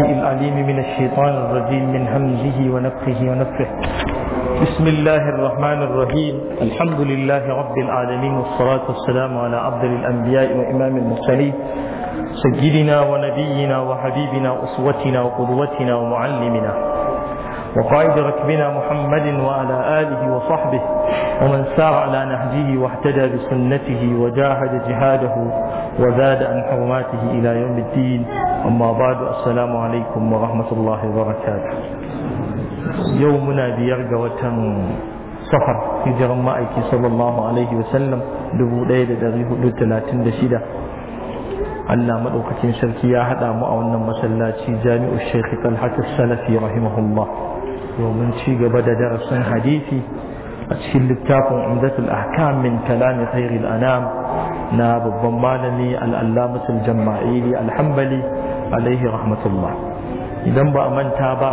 العليم من الشيطان الرجيم من همزه ونفخه ونفخه بسم الله الرحمن الرحيم الحمد لله رب العالمين والصلاة والسلام على عبد الأنبياء وإمام المرسلين سيدنا ونبينا وحبيبنا أسوتنا وقدوتنا ومعلمنا وقائد ركبنا محمد وعلى آله وصحبه ومن سار على نهجه واهتدى بسنته وجاهد جهاده وزاد عن حرماته إلى يوم الدين أما بعد السلام عليكم ورحمة الله وبركاته يومنا بيرجى وتن safar hijiran ma'aiki sallallahu alaihi wasallam dubu ɗaya da ɗari hudu talatin da shida Allah maɗaukacin sarki ya haɗa mu a wannan masallaci jami'u Sheikh Talhat Salafi rahimahullah domin ci gaba da darasin hadisi a cikin littafin Umdatul Ahkam min kalami Khairil Anam na babban malami al-Allamatul Jamma'ili al alaihi rahmatullah idan ba a manta ba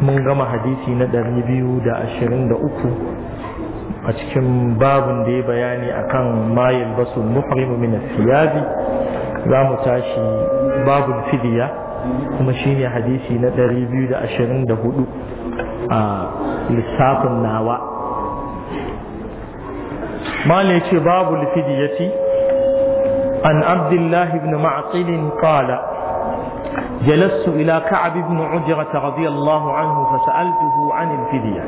mun gama hadisi na 223 a cikin babin da ya bayani akan mayil basu muhrimu min siyabi za mu tashi babun fidiya kuma shine hadisi na 224 a lissafin nawa mala yace babu lifidiyati an abdullahi ibn ma'qil qala جلست إلى كعب بن عجرة رضي الله عنه فسألته عن الفدية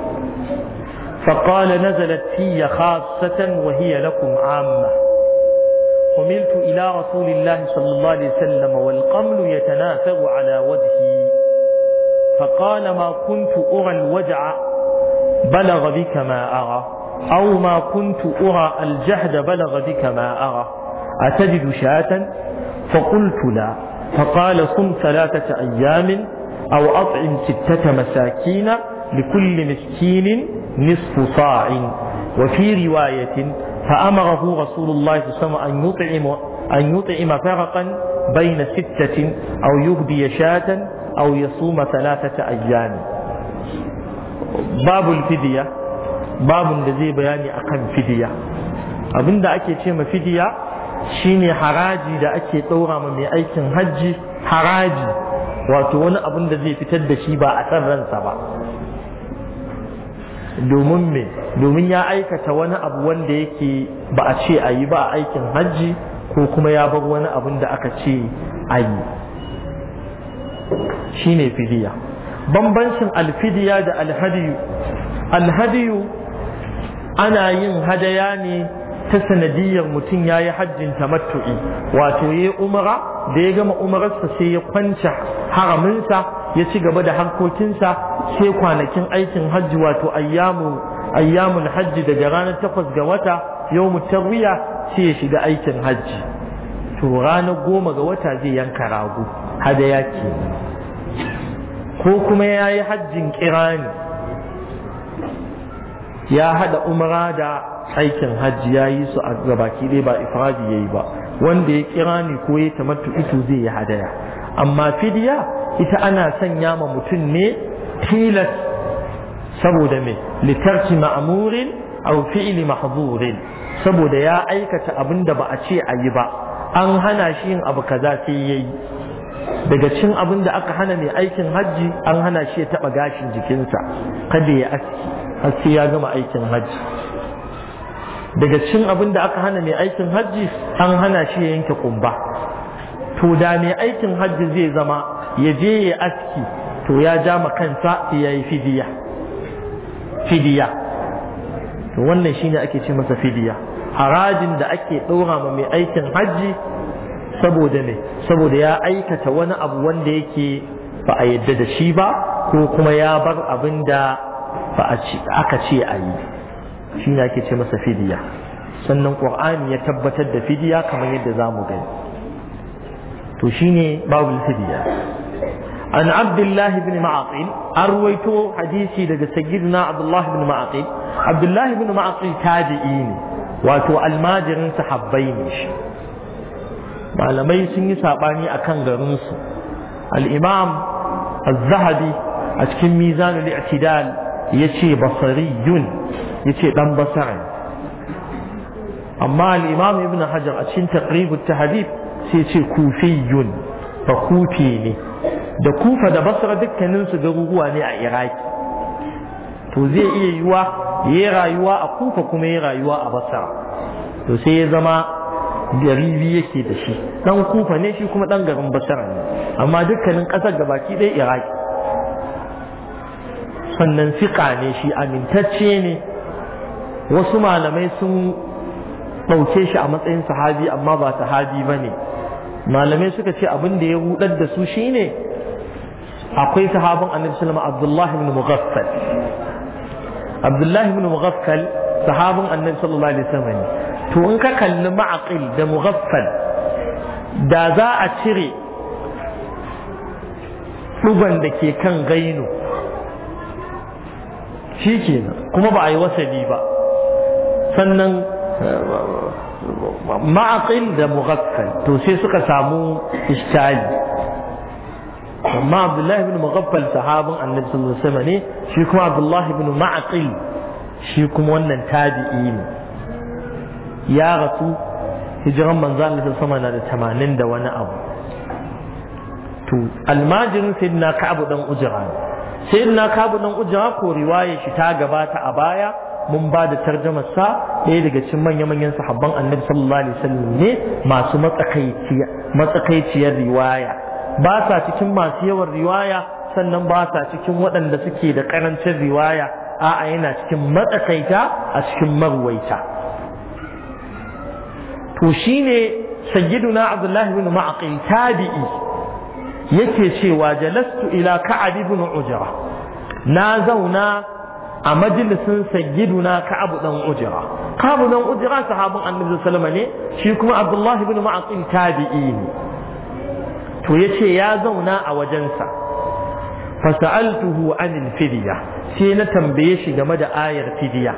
فقال نزلت في خاصة وهي لكم عامة حملت إلى رسول الله صلى الله عليه وسلم والقمل يتناثر على وجهي فقال ما كنت أرى الوجع بلغ بك ما أرى أو ما كنت أرى الجهد بلغ بك ما أرى أتجد شاة فقلت لا فقال صم ثلاثة أيام أو أطعم ستة مساكين لكل مسكين نصف صاع وفي رواية فأمره رسول الله صلى الله عليه وسلم أن يطعم أن يطعم فرقا بين ستة أو يهدي شاة أو يصوم ثلاثة أيام باب الفدية باب الذي بيان أقل فدية أبن دا أكي فدية shine haraji da ake ɗaura ma mai aikin hajji haraji wato wani abin da zai fitar da shi ba a san ransa ba domin me domin ya aikata wani abu wanda yake ba a ce a yi ba a aikin hajji ko kuma ya bar wani abin da aka ce a yi ne fidiya bambancin alfidiya da alhadiyu alhadiyu ana yin hadaya ne ta sanadiyar mutum ya yi hajjin matu'i, wato ya yi umara da ya gama umararsa sai ya kwanta haraminsa ya ci gaba da harkokinsa sai kwanakin aikin hajji wato ayyamun hajji daga ranar takwas ga wata yau mutarwiya sai ya shiga aikin hajji to ranar goma ga wata zai yanka rago hadaya ke ko kuma ya yi hajjin kirani ya hada umara da aikin hajji ya yi su a gabaki dai ba ifradi ya yi ba wanda ya kira ni ko ya tamattu ito zai yi hadaya amma fidiya ita ana sanya ma mutum ne tilas saboda mai litarci ma'amurin a fi'li mahzurin saboda ya aikata abin da ba a ce a yi ba an hana shi yin abu kaza sai yi. daga cin abin da aka hana mai aikin hajji an hana shi ya taɓa gashin jikinsa kada ya aski har sai ya gama aikin hajji daga cin abin da aka hana mai aikin hajji an hana shi ya yanke kumba to da mai aikin hajji zai zama ya je ya aski to ya ja ma kansa ya yi fidiya fidiya to wannan shine ake ce masa fidiya harajin da ake ɗora ma mai aikin hajji saboda ne saboda ya aikata wani abu wanda yake ba a yadda da shi ba ko kuma ya bar abin da aka ce a yi shi ne ake ce masa fidiya sannan ƙur'ani ya tabbatar da fidiya kamar yadda za mu gani to shi ne babul fidiya an abdullahi bin ma'aqil an ruwaito hadisi daga sayyidina abdullahi bin ma'aqil abdullahi bin ma'aqil tabi'i ne wato almajirin sahabbai ne shi malamai sun yi saɓani a kan garinsu al'imam az-zahabi a cikin mizanul i'tidal yace basariyun ce ɗan basara amma al ibn hajar a cikin taqrib ta Habib sai yace kufiyun ba kufi ne da kufa da basara dukkaninsu garuruwa ne a iraki to zai iya yiwa yayi rayuwa a kufa kuma yayi rayuwa a basara, to sai ya zama gari biyu yake da shi dan kufa ne shi kuma dan garin basara ne amma dukkanin kasar gabaki ɗaya iraki sannan siƙa ne shi amintacce ne wasu malamai sun ɗauke shi a matsayin sahabi amma ba sahabi ba ne malamai suka ce abin da ya rudar da su shine akwai sahabin annabi sallama abdullahi ibn mughaffal abdullahi ibn mughaffal sahabin annabi sallallahu alaihi wasallam ne to in ka kalli ma'aqil da mughaffal da za a cire duban da ke kan gainu shi kenan kuma ba a yi wasali ba sannan eh, ma'aqil da mughaffal to sai suka samu ishtali amma abdullahi bin mughaffal sahabin annabi sallallahu alaihi wasallam ne shi kuma abdullahi bin ma'aqil shi kuma wannan tabi'i ne ya rasu hijiran manzo Allah sallallahu alaihi wasallam na da tamanin da wani abu to almajirin sayyidina ka'abu dan ujra sayyidina kabu dan ujja ko riwayar shi ta gabata a baya mun ba da tarjamar sa ɗaya daga cikin manya manyan sahabban annabi sallallahu alaihi wasallam ne masu matsakaiciya matsakaiciyar riwaya ba sa cikin masu yawan riwaya sannan ba sa cikin waɗanda suke da ƙarancin riwaya a'a yana cikin matsakaita a cikin marwaita to shine sayyiduna abdullahi bin ma'aqil tabi'i yake cewa jalastu ila ka'ab ibn ujra na zauna a majalisin sayyiduna ka'ab dan ujra ka'ab dan ujra sahabin annabi sallallahu alaihi wasallam ne shi kuma abdullahi ibn ma'qil tabi'i ne to yace ya zauna a wajensa fasa'altuhu anil fidiya sai na tambaye shi game da ayar fidiya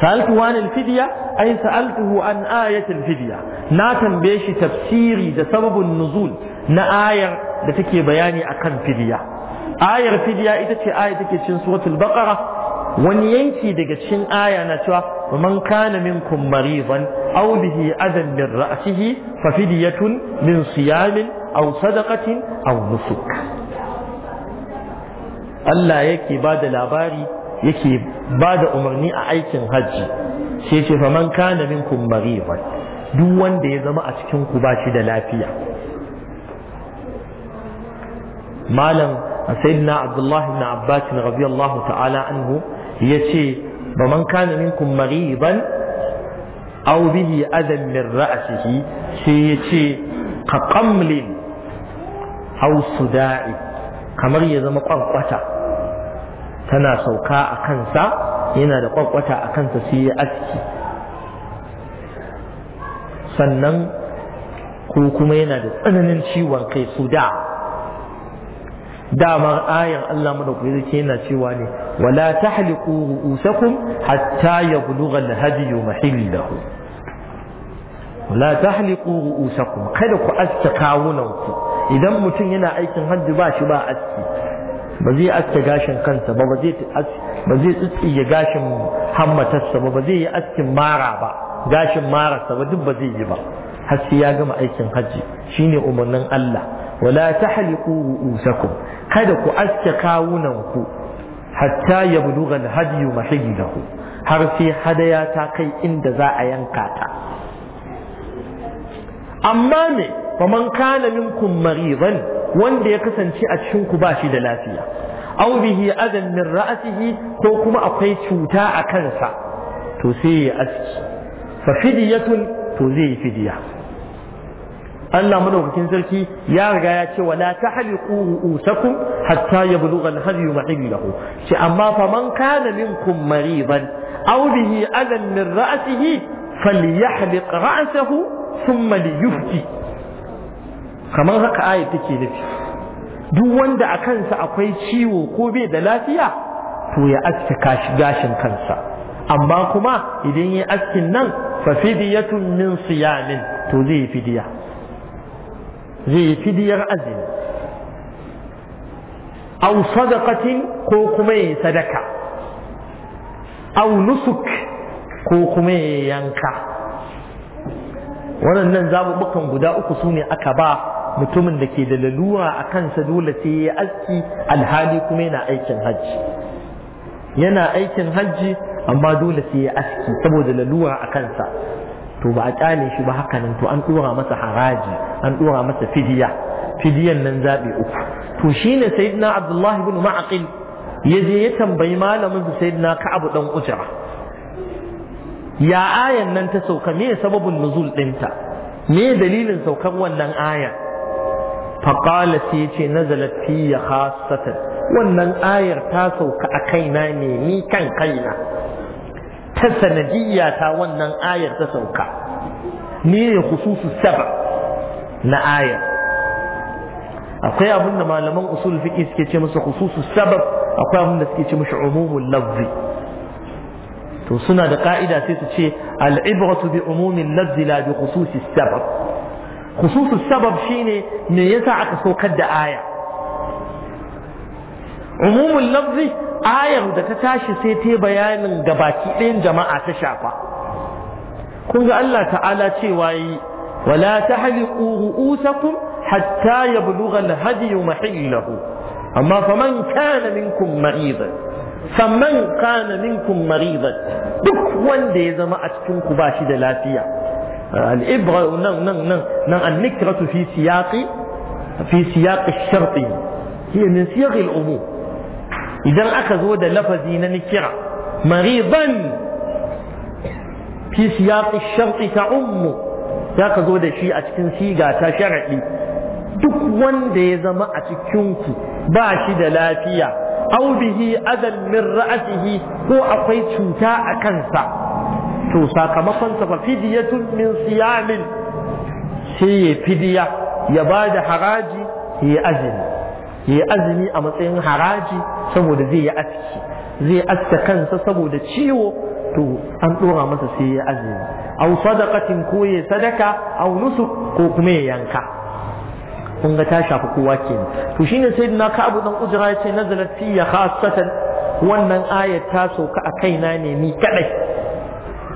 sa'altu anil fidiya ai sa'altuhu an ayatil fidiya na tambaye shi tafsiri da sababin nuzul na ayar da take bayani akan fidiya ayar fidiya ita ce aya take cikin suratul baqara wani yanki daga cikin aya na cewa man kana minkum maridan aw bihi adan min ra'sihi fa fidyatun min siyamin aw sadaqatin aw nusuk Allah yake bada labari yake ba da umarni a aikin hajji sai ce fa man kana minkum maridan duk wanda ya zama a cikin ku ba shi da lafiya malam sayyidina abdullahi ibn abbas radiyallahu ta'ala anhu yace ba man kana minkum mariban aw bihi adam min ra'sihi sai yace ka qamlin aw suda'i kamar ya zama kwankwata tana sauka a kansa yana da kwankwata a kansa sai ya aski sannan ko kuma yana da tsananin ciwon kai suda Damar ayan Allah madaukaki zai yana cewa ne wala tahliqu ru'usakum hatta yablugha al-hadiy mahillahu wala tahliqu ru'usakum kada ku aska kawunanku idan mutum yana aikin hajji ba shi ba aski ba zai aske gashin kansa ba ba zai ba zai tsitsiye gashin hammatarsa ba ba zai yi askin mara ba gashin mararsa ba duk ba zai yi ba har sai ya gama aikin hajji shine umarnin Allah wala tahliqu ru'usakum kada ku aske kawunanku hatta ya buluga hadiyu mahigilahu har sai hadaya ta kai inda za a yanka ta amma me faman kana minkum maridan wanda ya kasance a cikin ku ba shi da lafiya aw bihi adan min ra'sihi ko kuma akwai cuta a kansa to sai ya aski fa fidiyatun to zai fidiya Allah madaukakin sarki ya riga ya ce wala haliku ru'usakum hatta yablugha al-hadyu mahillahu ce amma fa man kana minkum mariban aw bihi adan min ra'sihi falyahliq ra'sahu thumma liyufti kamar haka aya take nufi duk wanda a kansa akwai ciwo ko bai da lafiya to ya aske gashin kansa amma kuma idan ya askin nan fa fidiyatun min siyamin to zai fidiya zai yi fidiyar azumi au sadaqatin ko kuma yi sadaka au nusuk ko kuma yi yanka waɗannan zaɓuɓɓukan guda uku su ne aka ba mutumin da ke da lalura a kansa dole sai ya aski alhali kuma yana aikin hajji yana aikin hajji amma dole sai ya aski saboda lalura a kansa to ba a kyale shi ba haka nan to an dora masa haraji an dora masa fidiya fidiyan nan zabi uku to shine sayyidina abdullahi ibn ma'aqil yaje ya tambayi malamin su sayyidina ka'ab dan ujra ya ayan nan ta sauka me sababin nuzul dinta me dalilin saukar wannan aya faqala sai yace nazalat fi khassatan wannan ayar ta sauka a kaina ne ni kan kaina ta sanadiyya ta wannan ayar ta sauka Ni ne khususu saba na ayar akwai abin da malaman usul fiqi suke ce masa khususu sabab akwai abin da suke ce masa umumul lafzi to suna da ka'ida sai su ce al-ibratu bi umumin lafzi la bi sabab Kususu sabab shine me yasa aka saukar da aya umumin lafzi ayar da ta tashi sai ta bayanin gabaki ɗayan jama'a ta shafa kun ga Allah ta'ala cewa yi wala tahliqu ru'usakum hatta yablugha al-hadi mahillahu amma faman kana minkum maridan faman kana minkum maridan duk wanda ya zama a cikin ku ba shi da lafiya al-ibra nan nan nan nan an-nikratu fi siyaqi fi siyaqi ash-shart hiya min siyaqi al-umur idan aka zo da lafazi na nikira mariban fi siyaqi sharti ta ummu ya ka zo da shi a cikin siga ta sharaɗi duk wanda ya zama a cikinku ba shi da lafiya au bihi adan min ra'atihi ko akwai cuta a kansa to sakamakon sa fa fidiyatun min siyamin sai ya fidiya ya ba da haraji ya azumi Yi azumi a matsayin haraji saboda zai yi aski zai aska kansa saboda ciwo to an ɗora masa sai ya azumi au sadaqatin ko ya sadaka au nusuk ko kuma ya yanka kun ga ta shafi kowa kenan to shine sayyidina ka'abu dan ujra yace nazalat fi khassatan wannan ayat ta sauka a kaina ne ni kadai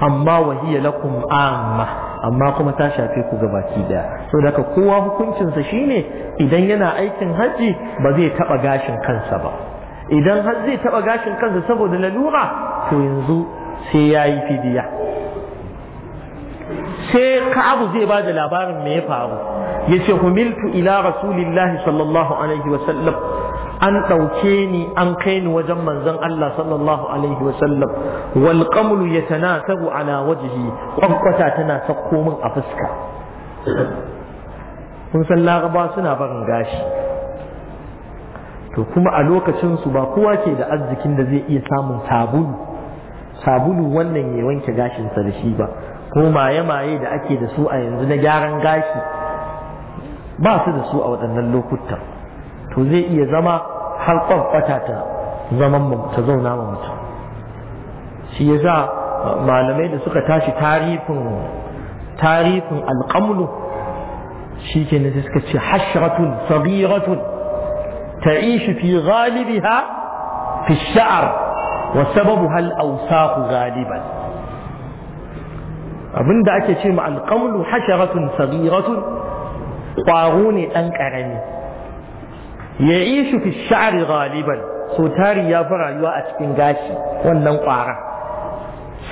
amma wahiya lakum amma amma kuma ta shafe ku gabaki daya saboda haka kowa hukuncinsa shine idan yana aikin haji ba zai taba gashin kansa ba idan har zai taba gashin kansa saboda lalura to yanzu sai yayi fidiya sai Ka'abu zai ba da labarin me ya faru yace humiltu ila rasulillahi sallallahu alaihi wa sallam an ɗauke ni an kai ni wajen manzon Allah sallallahu alaihi ya wal qamlu yatanasabu ala wajhi kwankwata tana sakko min a fuska kun san laraba suna barin gashi to kuma a lokacin su ba kowa ke da arzikin da zai iya samun sabulu sabulu wannan ya wanke gashinsa da shi ba ko maye-maye da ake da su a yanzu na gyaran gashi ba su da su a waɗannan lokutan to zai iya zama har kwakwata ta zaman mu ta zauna ma mutum shi yasa malamai da suka tashi tarifin tarifin alqamlu shi ke sai suka ce hashratun saghiratun تعيش في غالبها في الشعر وسببها الأوساخ غالبا abin abinda ake ce ma alƙamlu hasharatun sagiratun ƙwaro ne ɗan ƙarami ya ishu fi sha'ari galiban so tari ya fi rayuwa a cikin gashi wannan ƙwara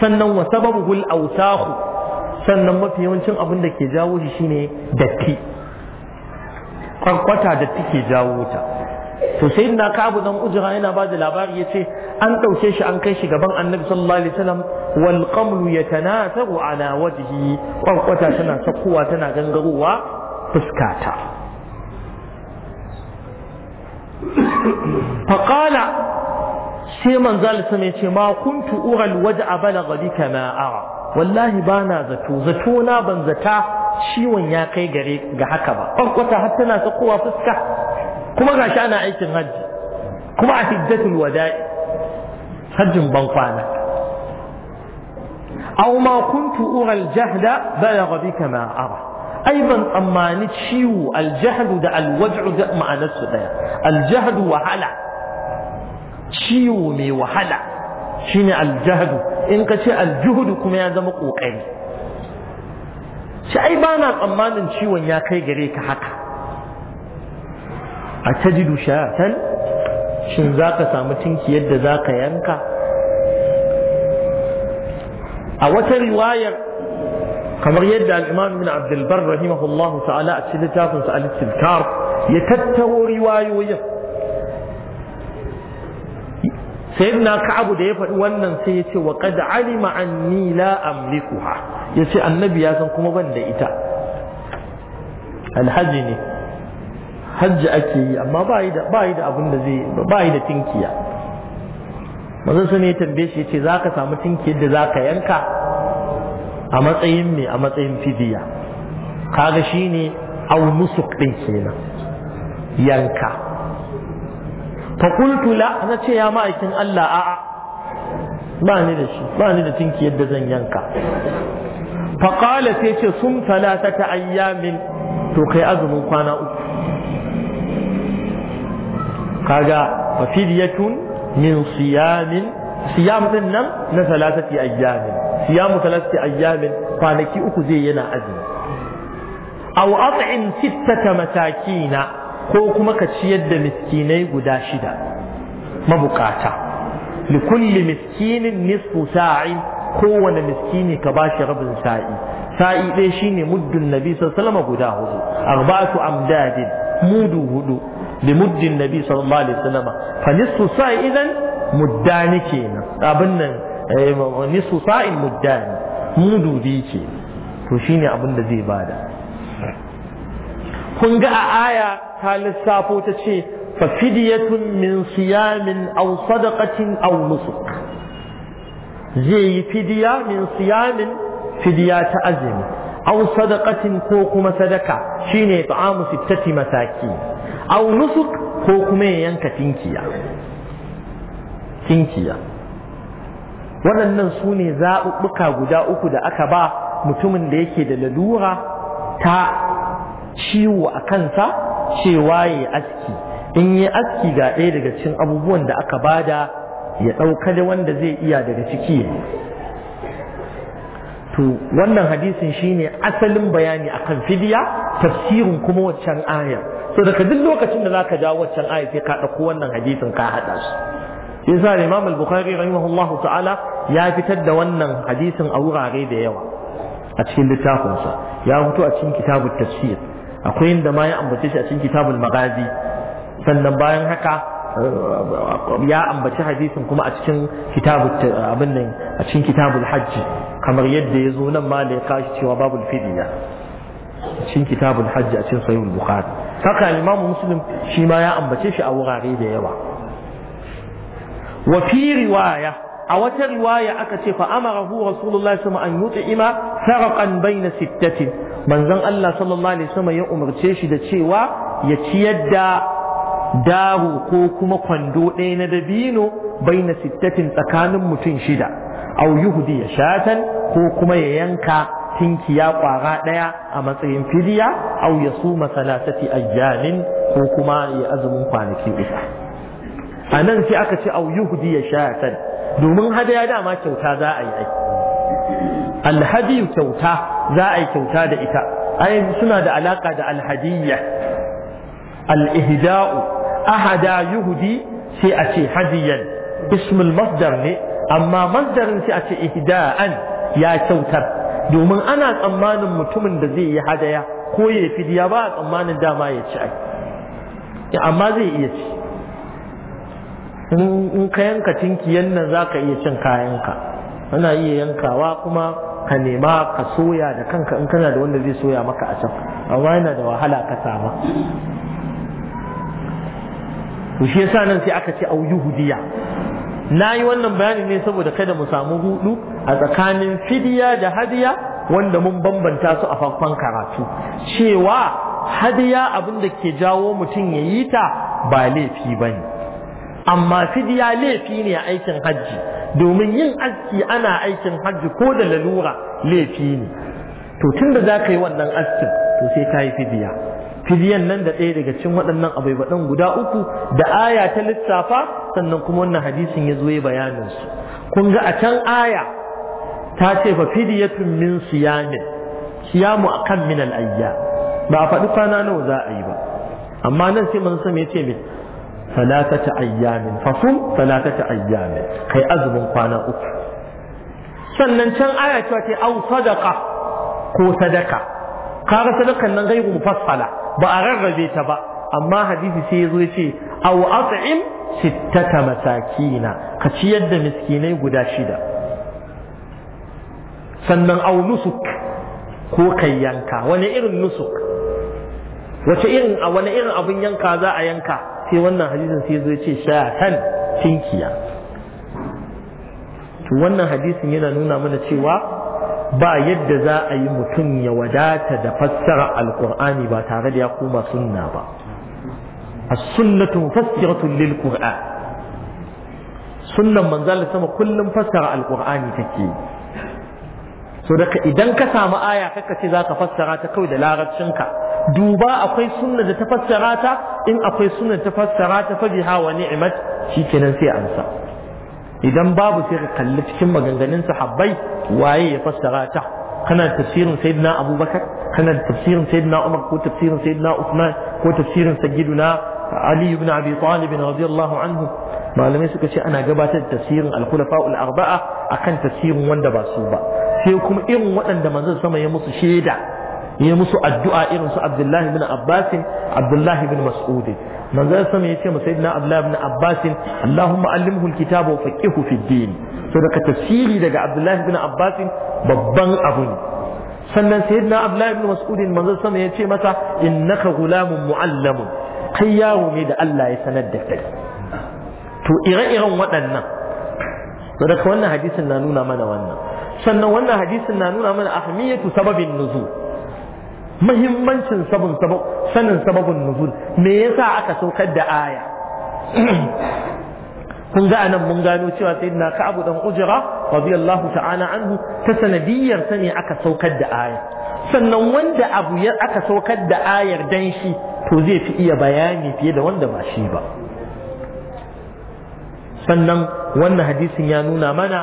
sannan wa sababuhul autahu sannan mafi yawancin abin da ke jawo shi shine datti kwankwata datti ke jawo ta to sai na kabu dan ujra yana ba da labari yace an ɗauke shi an kai shi gaban annabi sallallahu alaihi wasallam wal qamlu yatanataru ala wajhi kwankwata tana sakkuwa tana gangarowa fuskata faƙala sai manzal sama ya ce ma kuntu ural waja balagha bika ma ara wallahi bana zato zato na ban zata ciwon ya kai gare ga haka ba kwankwata har tana sakowa fuska kuma gashi ana aikin hajji kuma a hijjatul wada'i hajjin ban kwana aw ma kuntu ural jahda balagha bika ma ara ai ban tsammani ciwo aljahadu da alwaj'u da ma'anarsu daya aljahadu wahala ciwo mai wahala shine aljahadu in ka ce aljuhudu kuma ya zama ƙoƙari. shi ai ba na tsammanin ciwon ya kai gare ka haka a tajidu shatan shin za ka samu tinki yadda za ka yanka a wata riwayar kamar yadda al-imam ibn abd al-barr rahimahullah ta'ala a cikin littafin sa al-istizkar ya tattaro riwayoyin sayyidina ka'abu da ya faɗi wannan sai ya ce wa qad alima anni la amlikuha yace annabi ya san kuma ban da ita alhaji ne hajji ake yi amma ba yi da ba yi da abin da zai ba yi da tinkiya manzon sun ya tambaye shi ya yace zaka samu tinkiyar da zaka yanka a matsayin me a matsayin fidiya kaga shine aw nusuk din kenan yanka fa na ce ya ma'aikin Allah a'a ba ni da shi ba ni da tinki yadda zan yanka fa qala sai ce sum thalathata ayyamin to kai azumin kwana uku kaga fafidiyatun min siyamin siyam din nan na thalathati ayyamin siyamu thalathati ayyamin kwanaki uku zai yana azumi aw at'im sittata matakina ko kuma ka ciyar da miskinai guda shida mabukata li kulli miskinin nisfu sa'i kowane miskini ka bashi rabin sa'i sa'i ɗaya shine muddun nabi sallallahu guda hudu arba'atu amdadin mudu hudu li muddin nabi sallallahu alaihi wasallam fa nisfu sa'i idan muddani kenan abin nan Eh, nisu sa'in muddani mudu biyu ke to shine abin da zai bada kun ga a aya ta lissafo ta ce fa fidiyatun min siyamin aw sadaqatin aw nusuk zai yi fidiya min siyamin fidiya ta azumi aw sadaqatin ko kuma sadaka shine ta'amu sittati masaki aw nusuk ko kuma yanka tinkiya tinkiya waɗannan su ne zaɓuɓɓuka guda uku da aka ba mutumin da yake da lalura ta ciwo a kansa cewa ya aski in yi aski ga ɗaya daga cikin abubuwan da aka bada ya ɗauka da wanda zai iya daga ciki to wannan hadisin shine asalin bayani akan fidiya tafsirin kuma waccan ayar so daga duk lokacin da zaka jawo waccan ayar sai ka ɗauko wannan hadisin ka haɗa su yasa Imam al-Bukhari rahimahullahu ta'ala ya fitar da wannan hadisin a wurare da yawa a cikin littafinsa ya fito a cikin kitabut tafsir akwai inda ma ya ambace shi a cikin kitabul magazi sannan bayan haka ya ambaci hadisin kuma a cikin kitabul abin nan a cikin kitabul hajji kamar yadda ya zo nan ma da ya kashi cewa babul fidiya cikin kitabul hajji a cikin sahihul bukhari haka imamu muslim shi ma ya ambace shi a wurare da yawa wa fi riwaya a wata riwaya aka ce fa amarahu rasulullahi sama an yut'ima sarqan baina sittatin manzon Allah sallallahu alaihi wasallam ya umarce shi da cewa ya ciyar da daru ko kuma kwando ɗaya na dabino baina sittatin tsakanin mutum shida au yuhdi ya shatan ko kuma ya yanka tinkiya kwara ɗaya a matsayin fidiya au ya suma salasati ayyamin ko kuma ya azumin kwanaki uku a nan sai aka ce au yuhdi ya shatan domin hadaya dama kyauta za a yi ai alhadi kyauta za a yi kyauta da ita ai suna da alaka da alhadiyya al-ihda'u ahada yuhdi sai a ce hadiyan ismul masdar ne amma masdarin sai a ce ihda'an ya kyautar domin ana tsammanin mutumin da zai yi hadaya ko ya fidiya ba a tsammanin dama ya ci ai amma zai iya ci in ka yanka tinkiyan nan za ka iya cin kayanka ana iya yankawa kuma ka nema ka soya da kanka in kana da wanda zai soya maka a can amma yana da wahala ka sama to shi yasa nan sai aka ce auyu hudiya na yi wannan bayanin ne saboda kada mu samu hudu a tsakanin fidiya da hadiya wanda mun bambanta su a farkon karatu cewa hadiya abin da ke jawo mutum ya yi ta ba laifi ba ne amma fidiya laifi ne a aikin hajji domin yin aski ana aikin hajji ko da lalura laifi ne to tun da za ka yi wannan askin to sai ka yi fidiya fidiyan nan da ɗaya daga cin waɗannan abaibaɗan guda uku da aya ta lissafa sannan kuma wannan hadisin ya zo ya bayanin su kun ga a can aya ta ce fa fidiyatun min siyamin siyamu akan min al ba a faɗi kwana nawa za a yi ba amma nan sai manzo ya ce min. salatata ayyamin fasum salatata ayyamin kai azumin kwana uku sannan can aya cewa ce au sadaka ko sadaka kaga na nan gairu fasfala ba a rarrabe ta ba amma hadisi sai yazo yace aw at'im sittata masakina ka ciyar da miskinai guda shida sannan aw nusuk ko kai yanka wani irin nusuk wace irin wani irin abin yanka za a yanka sai wannan hadisin sai zo ce shatan tinkiya to wannan hadisin yana nuna mana cewa ba yadda za a yi mutum ya wadata da fassara alkur'ani ba tare da ya koma sunna ba as-sunnatu mufassiratun lil qur'an sunnan manzo sama kullum fassara alkur'ani take so daga idan ka samu aya kaka ce za ka fassara ta kawai da larabcinka duba akwai sunna da ta fassara ta in akwai sunna da ta fassara ta fa biha wa shi kenan sai amsa idan babu sai ka kalli cikin maganganun sahabbai waye ya fassara ta kana da tafsirin sayyidina abubakar kana da tafsirin sayyidina umar ko tafsirin sayyidina usman ko tafsirin sayyidina ali ibn abi talib radiyallahu anhu malamai suka ce ana gabatar da tafsirin al arba'a akan tafsirin wanda ba su ba sai kuma irin waɗanda manzon sama ya musu shaida ya musu addu'a irin su Abdullahi bin Abbas Abdullahi bin Mas'ud manzon sama ya ce sayyidina Abdullahi bin Abbas Allahumma allimhu alkitaba wa faqihu fi din so daga tafsiri daga Abdullahi bin Abbas babban abu ne sannan sayyidina Abdullahi bin Mas'ud manzon sama ya ce masa innaka gulamun muallamun kai yaro ne da Allah ya sanar da kai to ire-iren waɗannan daga wannan hadisin na nuna mana wannan sannan wannan hadisin na nuna mana ahmiyatu sababin nuzul muhimmancin sabon sanin sababin nuzul me yasa aka saukar da aya kun ga anan mun gano cewa sayyidina Ka'ab dan Ujra radiyallahu ta'ala anhu ta sanadiyar sa ne aka saukar da aya sannan wanda abu ya aka saukar da ayar dan shi to zai fi iya bayani fiye da wanda ba shi ba sannan wannan hadisin ya nuna mana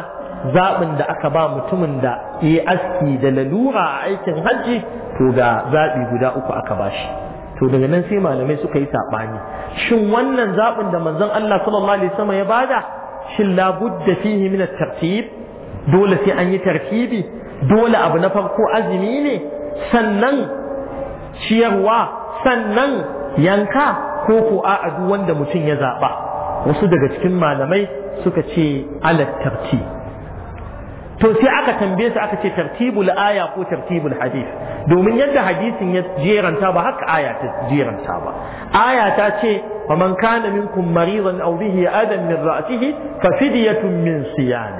zaɓin da aka ba mutumin da ya aski da lalura a aikin hajji to ga zaɓi guda uku aka ba shi to daga nan sai malamai suka yi saɓani shin wannan zaɓin da manzon Allah sallallahu alaihi wasallam ya bada shin labudda fihi min tartib dole sai an yi tartibi dole abu na farko azumi ne sannan ciyarwa sannan yanka ko ko a duk wanda mutum ya zaɓa wasu daga cikin malamai suka ce alat tartib to sai aka tambaye su aka ce tartibul aya ko tartibul hadith domin yadda hadisin ya jeranta ba haka aya ta jeranta ba aya ta ce faman kana minkum maridan aw bihi adam min ra'sihi fa fidyatun min siyam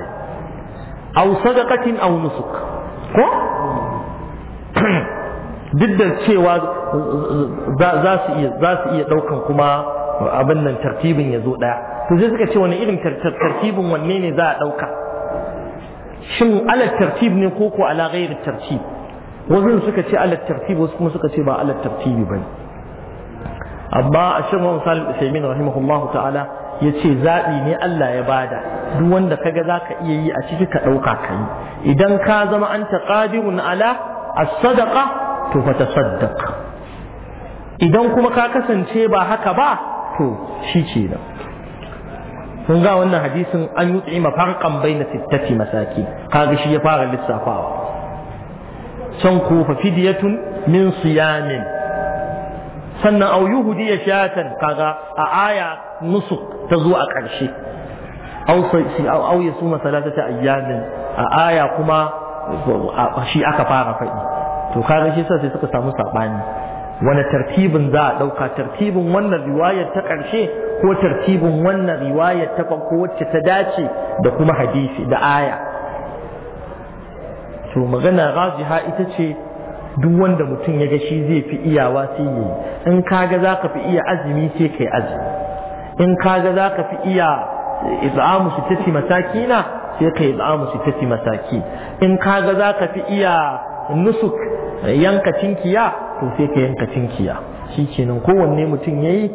aw sadaqatin aw nusuk ko duk da cewa za su iya za su iya daukan kuma abin nan tartibin ya zo daya to sai suka ce wani irin tartibin wanne ne za a dauka shin ala tartib ne ko ko ala ghairi tartib wasu suka ce ala tartib wasu kuma suka ce ba ala tartibi ba ne amma a shirin misali usaimin rahimahullah ta'ala ya ce zaɓi ne Allah ya bada duk wanda kaga ga zaka iya yi a ciki ka ɗauka ka yi idan ka zama an ta ala as-sadaqa to fa tasaddaq idan kuma ka kasance ba haka ba to shi kenan kun ga wannan hadisin an yi tsima farkan bai na sittati masaki kaga shi ya fara lissafawa can kofa fidiyatun min siyamin sannan au yuhudi ya shatan kaga a aya nusu ta zo a ƙarshe au ya suma salatata ayyamin a aya kuma shi aka fara faɗi to kaga shi sa sai suka samu saɓani wani tartibin za a ɗauka tartibin wannan riwayar ta ƙarshe ko tartibin wannan riwayar ta farko wacce ta dace da kuma hadisi da aya to magana raziha ita ce duk wanda mutum ya ga shi zai fi iyawa sai yi in kaga za ka fi iya azumi sai kai azumi in kaga za ka fi iya iz'amu sittati na sai kai iz'amu tafi masaki in kaga za ka fi iya nusuk yanka cinkiya to sai ka yanka cinkiya shi kenan kowanne mutum ya yi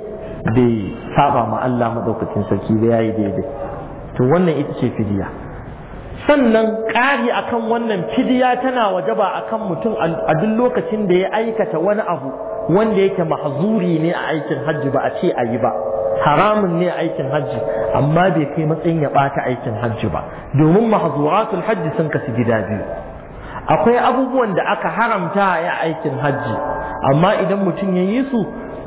bai saba ma Allah maɗaukacin sarki ba ya yi daidai to wannan ita ce fidiya sannan ƙari akan wannan fidiya tana wajaba akan mutum a duk lokacin da ya aikata wani abu wanda yake mahzuri ne a aikin hajji ba a ce a yi ba haramun ne aikin hajji amma bai kai matsayin ya ɓata aikin hajji ba domin mahzuratul hajji sun kasu gida biyu akwai abubuwan da aka haramta a aikin hajji amma idan mutum ya yi su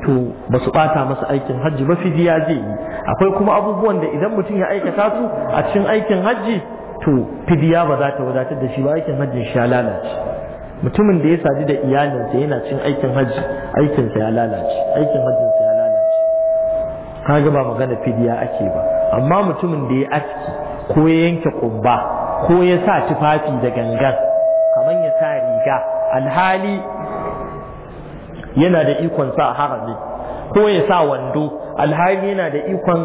to ba su bata masa aikin hajji ba fidiya zai yi akwai kuma abubuwan da idan mutum ya aikata su a cikin aikin hajji to fidiya ba za ta wadatar da shi ba aikin hajji shi ya lalace mutumin da ya sadu da iyalinsa yana cin aikin hajji aikinsa ya lalace aikin hajjinsa ya lalace kaga ba magana fidiya ake ba amma mutumin da ya aski ko ya yanke kumba ko ya sa tufafi da gangan riga alhali yana da ikon sa harami ko ya sa wando alhali yana da ikon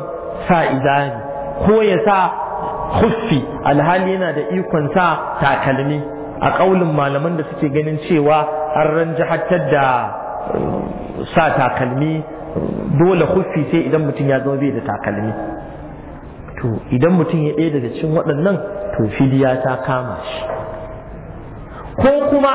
sa izani ko ya sa huffi alhali yana da ikon sa takalmi a ƙaulin malaman da suke ganin cewa an ranjahatar da uh, sa takalmi dole huffi sai idan mutum ya zama bai da takalmi to idan mutum ya ɗaya daga cikin waɗannan to fidiya ta kama shi ko kuma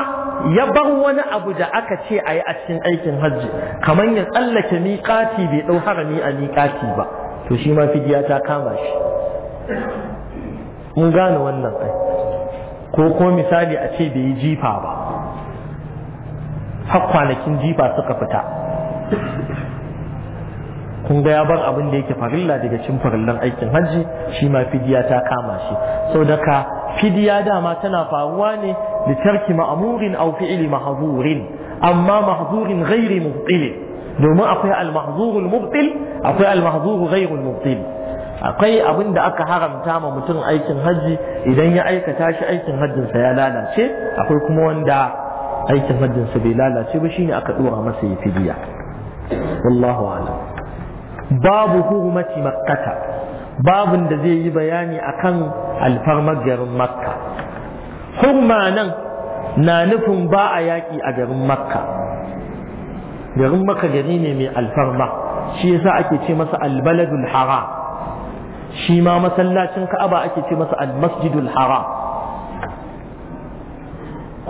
ya bar wani abu da aka ce a yi a cikin aikin hajji kamar ya tsallake miƙati bai ɗau harami a miƙati ba to shi ma fidiya ta kama shi mun gane wannan ai ko ko misali a ce bai yi jifa ba har kwanakin jifa suka fita kun ga ya bar abin da yake farilla daga cin farillan aikin hajji shi ma fidiya ta kama shi sau daga fidiya dama tana faruwa ne لترك ma'amurin أو فعل amma أما rairi غير domin akwai almahzuru mubtil akwai almahzuru ghairul mubtil akwai abinda aka haramta ma mutum aikin hajji idan ya aikata shi aikin hajjinsa ya lalace akwai kuma wanda aikin hajjin bai lalace ba shine aka ɗora masa ya fidiya wallahu a'lam babu hurmati makkata babun da zai yi bayani akan alfarmar garin makka hurma nan na nufin ba a yaƙi a garin makka garin makka gari ne mai alfarma shi yasa ake ce masa albaladul haram shi ma masallacin ka'aba ake ce masa almasjidul hara.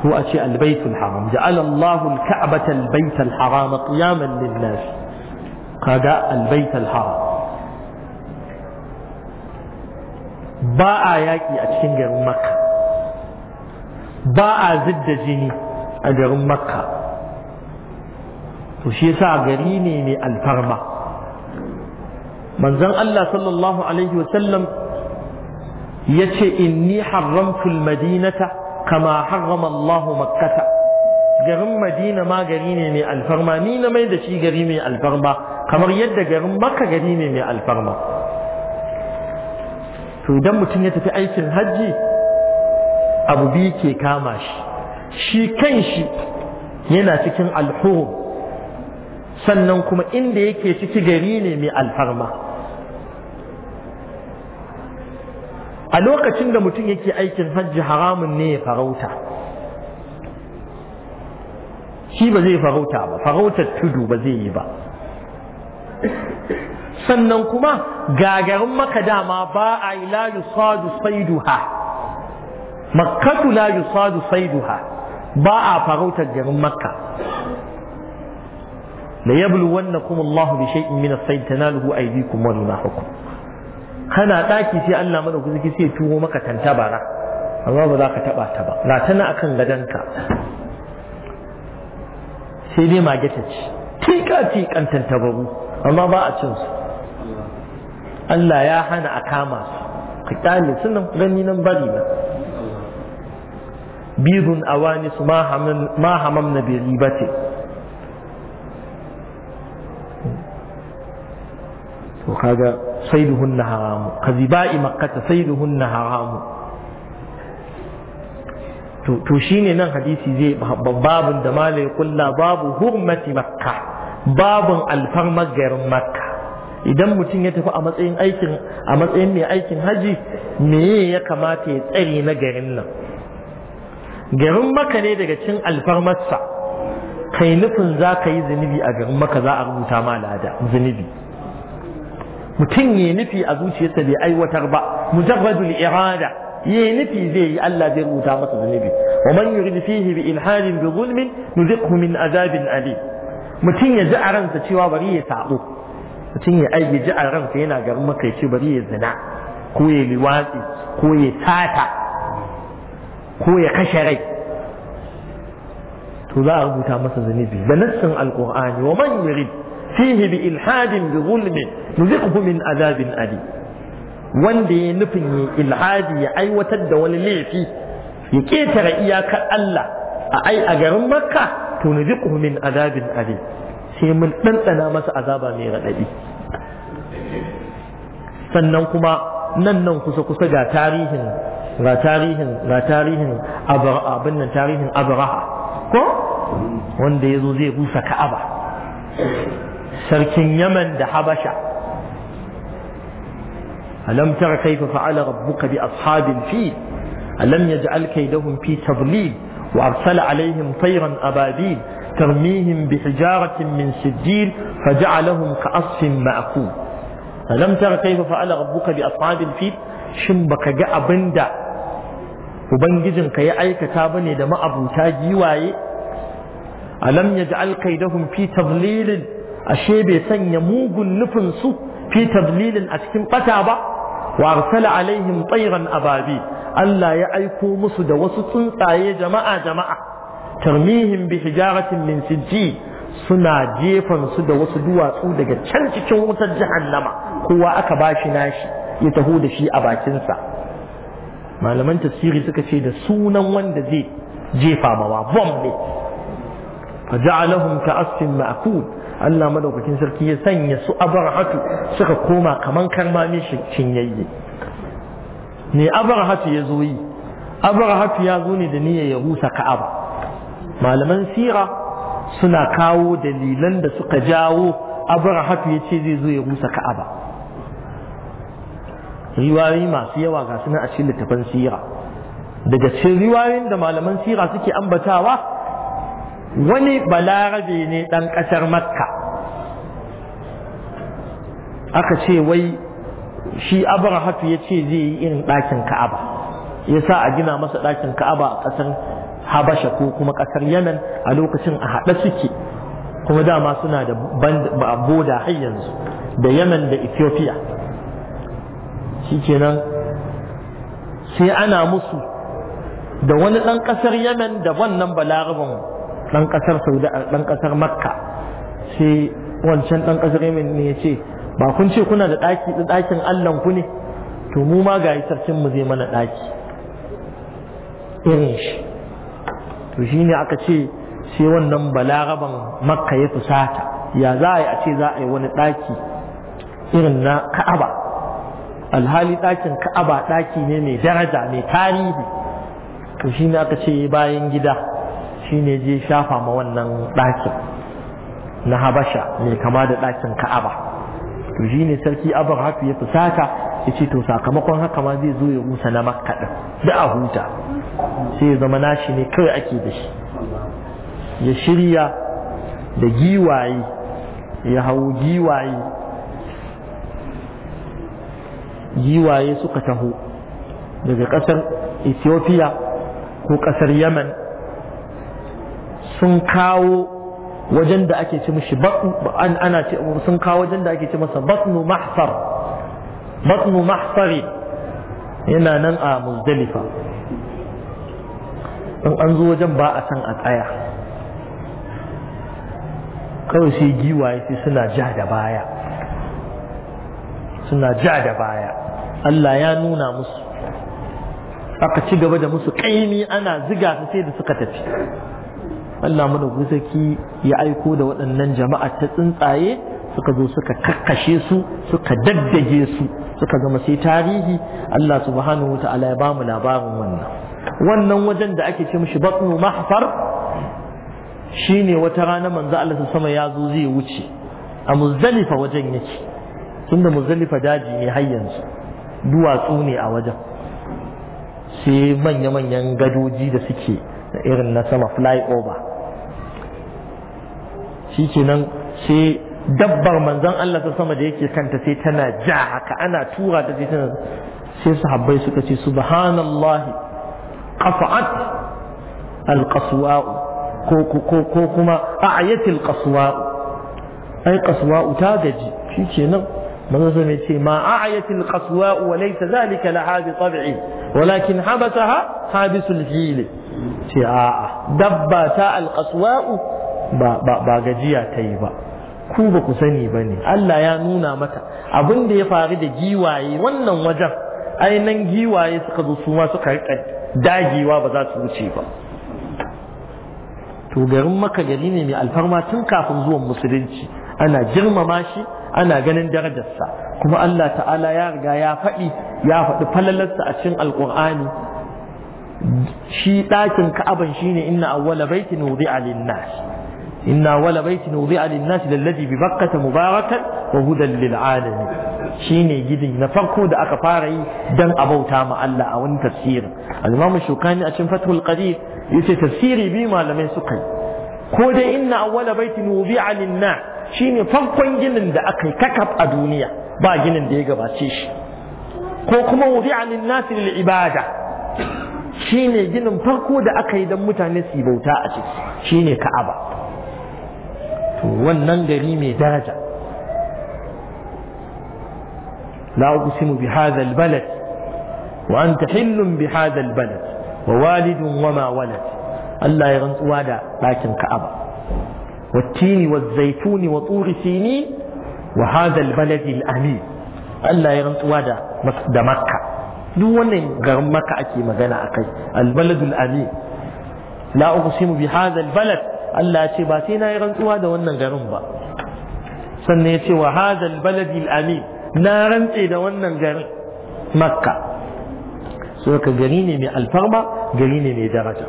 ko a ce albaitul haram ja'ala Allahu al-ka'bata al-baital haram qiyaman lin-nas kaga al-baital haram ba a yaƙi a cikin garin makka ba a zidda jini a garin makka to shi yasa gari ne mai alfarma manzon Allah sallallahu alaihi wasallam ya ce inni haramtu madinata kama harrama Allah makkata garin madina ma gari ne mai alfarma ni na mai da shi gari mai alfarma kamar yadda garin makka gari ne mai alfarma to idan mutum ya tafi aikin hajji abu biyu ke kama shi shi kan shi yana cikin alhurum sannan kuma inda yake ciki gari ne mai alfarma a lokacin da mutum yake aikin hajji haramun ne ya farauta shi ba zai farauta ba farautar tudu ba zai yi ba sannan kuma gagarin maka dama ba a ila yusadu saiduha makkatu la yusadu saiduha ba a farautar garin makka la yabluwannakum Allah bi shay'in min as-sayd tanaluhu aydikum wa rimahukum kana daki sai Allah mana ku zaki sai tuwo maka tantabara amma ba za ka taba ta ba na tana akan gadanka sai dai mage ta ci tika tikan tantabaru amma ba a cin su Allah ya hana a kama su ka kyale sunan gani nan bari na ma ce, to kaga sai duhun na haramu وكذا صيدهن حرام sai duhun na haramu. to shine nan hadisi zai babun da malai kulla babu hurmati makka babun alfar magarin makka idan mutum ya tafi a matsayin aikin a matsayin mai aikin haji me ya kamata ya tsare na garin nan garin maka ne daga cin alfarmarsa kai nufin za ka yi zunubi a garin maka za a rubuta ma lada zunubi mutum ya nufi a zuciyarsa bai aiwatar ba mujarradul irada ya nufi zai yi Allah zai rubuta masa zunubi wa man yurid fihi bi ilhadin bi zulmin nuziqhu min azabin ali mutum ya ji a ransa cewa bari ya sabo mutum ya aiki ji a ransa yana garin maka ya ce bari ya zina ko ya liwatsi ko ya tata ko ya kashe rai to za a rubuta masa zunubi da nassin alkur'ani wa man yurid fihi bi ilhadin bi zulmi nuziquhu min azabin ali wanda ya nufin ya ilhadi ya aiwatar da wani laifi ya ketare iyakar Allah a ai a garin makka to nuziquhu min azabin ali sai mun ɗanɗana masa azaba mai raɗaɗi sannan kuma nan nan kusa kusa ga tarihin ga tarihin ga tarihin abin nan tarihin abraha ko wanda ya zo zai rusa ka'aba sarkin yaman da habasha alam tara kaifa fa'ala rabbuka bi ashabil fil alam yaj'al kaydahum fi tadlil وأرسل عليهم طيرا أبابيل ترميهم بحجارة من سجيل فجعلهم كأصف مأكول ألم تر كيف فعل ربك بأصحاب الفيل شن بك جاء بندا ka ya aikata bane da ma'abuta giwaye alam yaj'al alkaidahun fi tadlilin ashe bai sanya mugun nufin su fi tablilin a cikin bata ba wa arsala alaihim tayran ababi Allah ya aiko musu da wasu tsuntsaye jama'a jama'a tarmihin bi hijaratin min sijji suna jefan su da wasu duwatsu daga can cikin wutar jahannama kowa aka bashi nashi ya taho da shi a bakinsa malaman tafsiri suka ce da sunan wanda zai jefa mawa bom ne faja'alahum ka'asfin ma'kul Allah madaukakin sarki ya sanya su abarhatu suka koma kaman karmami cinyayye ne abarhatu ya zo yi abarhatu ya zo ne da niyyar ya rusa ka'aba malaman sira suna kawo dalilan da suka jawo abarhatu ya ce zai zo ya rusa ka'aba riwayoyi masu yawa ga suna a cikin littafan sira daga cikin riwayoyin da malaman sira suke ambatawa wani balarabe ne ɗan ƙasar makka aka ce wai shi abrahatu ya ce zai yi irin ɗakin ka'aba ya sa a gina masa ɗakin ka'aba a ƙasar habasha ko kuma ƙasar yamen a lokacin a haɗe suke kuma dama suna da boda har yanzu da yamen da ethiopia shikenan sai ana musu da wani ɗan ƙasar yamen da wannan balaraban ɗan ƙasar saudi ɗan ƙasar makka sai wancan ɗan ƙasar yamen ne ya ce ba kun ce kuna da ɗaki ɗakin allan ku ne to mu ma ga sarkin mu zai mana ɗaki irin shi to shi ne aka ce sai wannan balaraban makka ya fusata ya za a yi a ce za a yi wani ɗaki irin na ka'aba alhali ɗakin ka'aba ɗaki ne mai daraja mai tarihi to shi ne aka ce bayan gida shi ne je shafa ma wannan ɗakin na habasha mai kama da ɗakin ka'aba to shi ne sarki abin hafi ya fusata ya ce to sakamakon haka ma zai zo ya rusa na makka da a huta sai ya zama nashi ne kawai ake da shi ya shirya da giwaye ya hau giwaye giwaye suka taho daga ƙasar ethiopia ko ƙasar yemen sun kawo wajen da ake ci mishi ana sun kawo wajen da ake ci masa batnu mahsar batnu mahsari yana nan a muzdalifa in an zo wajen ba a san a tsaya kawai sai giwaye sai suna ja da baya suna ja da baya Allah ya nuna musu aka ci gaba da musu kaimi ana ziga su sai da suka tafi Allah mu da saki ya aiko da waɗannan jama'a ta tsuntsaye suka zo suka kakkashe su suka daddage su suka zama sai tarihi Allah subhanahu ta'ala ya bamu labarin wannan wannan wajen da ake ce mishi batnu mahfar shine wata rana manzo Allah sama ya zo zai wuce a muzdalifa wajen yake tunda muzalifa daji ne hayyansu. duwatsu ne a wajen sai manya-manyan gadoji da suke da irin na sama flyover shi ke nan sai dabbar manzan Allah ta sama da yake kanta sai tana ja haka ana tura da sai tana sai su habbai suka ce subhanallahi qafa'at alqaswa'u ko ko ko kuma a'yatil qaswa'u ai qaswa'u ta gaji shi ke nan. manzo sun ce ma a'ayatil qaswa wa laysa zalika laha bi tab'i walakin habasaha habisul fil ce a'a dabba ta al qaswa ba ba gajiya ta yi ba ku ba ku sani ba ne Allah ya nuna mata abin da ya faru da giwaye wannan wajen ai giwaye suka zo su ma suka riƙa dagewa ba za su wuce ba to garin maka gari ne mai alfarma tun kafin zuwan musulunci ana girmama shi ana ganin darajarsa kuma Allah ta'ala ya riga ya faɗi ya faɗi falalarsa a cikin alƙur'ani shi ɗakin ka'aban shine inna awwala baitin wudi'a lin-nas inna awwala baitin wudi'a lin-nas bi bakkata mubarakan wa hudan lil-alamin ne gidi na farko da aka fara yi dan bauta ma Allah a wani tafsirin al Shukani a cikin Fathul Qadir yace tafsiri bi malamai suka yi ko dai inna awwala baitin wudi'a lin shine farkon ginin da aka yi kakaf a duniya ba ginin da ya gabace shi ko kuma wudi'a lin nasi ibada. ibada ne ginin farko da aka yi don mutane su bauta a ciki shine ka'aba to wannan gari mai daraja la uqsimu bi hadha al balad wa anta hillun bi hadha al wa walidun wa ma walad Allah ya rantsuwa da ɗakin Ka'aba والتين والزيتون وطور سينين وهذا البلد الأمين الله يرنطوا دا دا مكة دو ونن غير مكة أكي مغانا أكي البلد الأمين لا أقسم بهذا البلد الله يتباتينا يرنطوا دا ونن غير مبا سنة وهذا البلد الأمين na rantse da wannan garin makka so ka gari ne mai alfarma gari ne mai daraja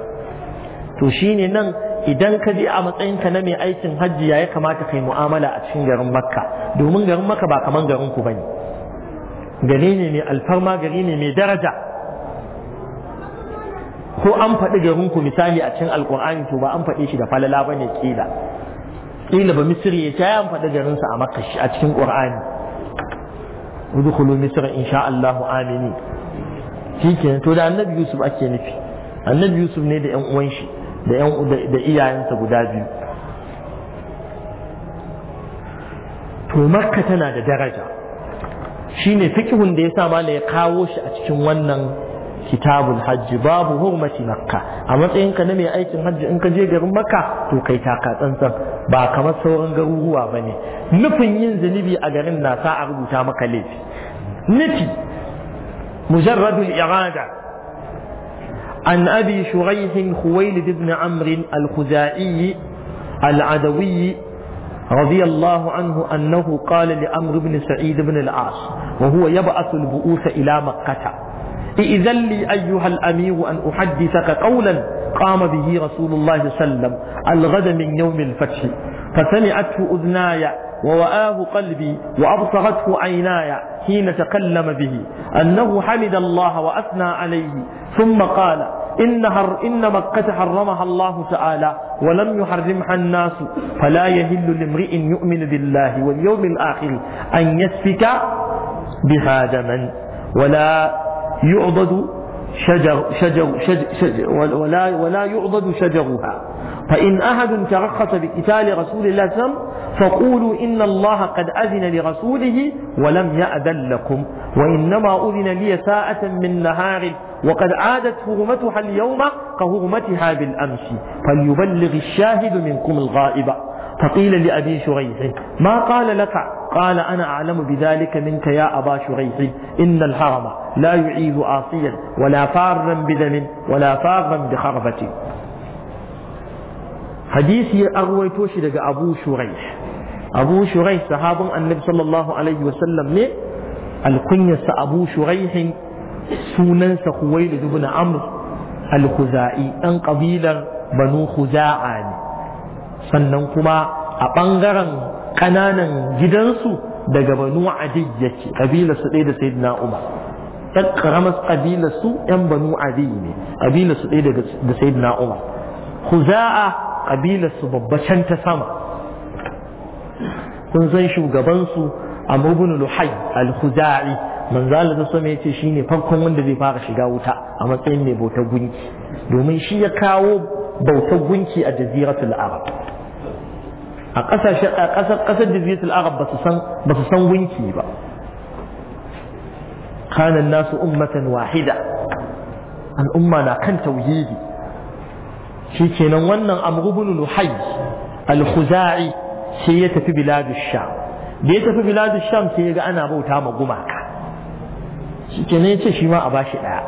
to shine nan idan ka je a matsayinka na mai aikin hajji ya kamata kai mu'amala a cikin garin makka domin garin makka ba kaman garin ku bane gari ne mai alfarma gari ne mai daraja ko an faɗi garin ku misali a cikin alkur'ani to ba an faɗe shi da falala bane kila kila ba misri ya ta an faɗi garin sa a makka shi a cikin qur'ani udkhulu misra insha Allah amini shikenan to da annabi yusuf ake nufi annabi yusuf ne da yan uwan shi da iyayensa guda biyu to makka tana da daraja shine fikihun da ya sa mala ya kawo shi a cikin wannan kitabul hajji babu hurmati makka a matsayinka na mai aikin hajji in ka je garin makka to kai taka tsantsan ba kamar sauran garuruwa ba ne nufin yin zunubi a garin na sa a rubuta maka laifi nufi mujarradul irada عن أبي شريح خويلد بن عمرو الخزائي العدوي رضي الله عنه أنه قال لأمر بن سعيد بن العاص وهو يبعث البؤوس إلى مكة إذن لي أيها الأمير أن أحدثك قولا قام به رسول الله صلى الله عليه وسلم الغد من يوم الفتح فسمعته أذناي ووآه قلبي وأبصرته عيناي حين تكلم به أنه حمد الله وأثنى عليه ثم قال إنها إن مكة حرمها الله تعالى ولم يحرمها الناس فلا يهل لامرئ يؤمن بالله واليوم الآخر أن يسفك بها دما ولا يعضد شجر شجر, شجر, شجر ولا ولا يعضد شجرها فإن أحد ترخص بقتال رسول الله صلى الله عليه وسلم فقولوا إن الله قد أذن لرسوله ولم يأذن لكم وإنما أذن لي ساعة من نهار وقد عادت هرمتها اليوم كهرمتها بالأمس فليبلغ الشاهد منكم الغائب فقيل لأبي شريح ما قال لك قال أنا أعلم بذلك منك يا أبا شريح إن الحرم لا يعيذ عاصيا ولا فارا بدم ولا فارا بخربة حديثي أروى توشد أبو شريح أبو شريح صحاب النبي صلى الله عليه وسلم القنية أبو شريح سونا سخويل بن عمرو الخزائي أن قبيلة بنو خزاعان sannan kuma a ɓangaren ƙananan gidansu daga banu adi yake ƙabilar su ɗaya da sayyidina umar ɗan ƙaramar ƙabilar su banu adi ne ƙabilar su ɗaya da sayyidina umar huza'a ƙabilar su can ta sama kun san shugabansu a ibn luhai al-khuzai Manzala da sama yace shine farkon wanda zai fara shiga wuta a matsayin mai bautar gunki domin shi ya kawo bautar gunki a jaziratul arab a ƙasashen a ƙasar ƙasar jaziratul arab ba su san ba su san gunki ba kana nasu ummatan wahida al'umma na kan tauhidi shikenan wannan amru ibn luhay al-khuzai sai ya tafi biladu sham da ya tafi biladu sham sai ya ga ana bauta ma gumaka shikenan ya ce shi ma a bashi daya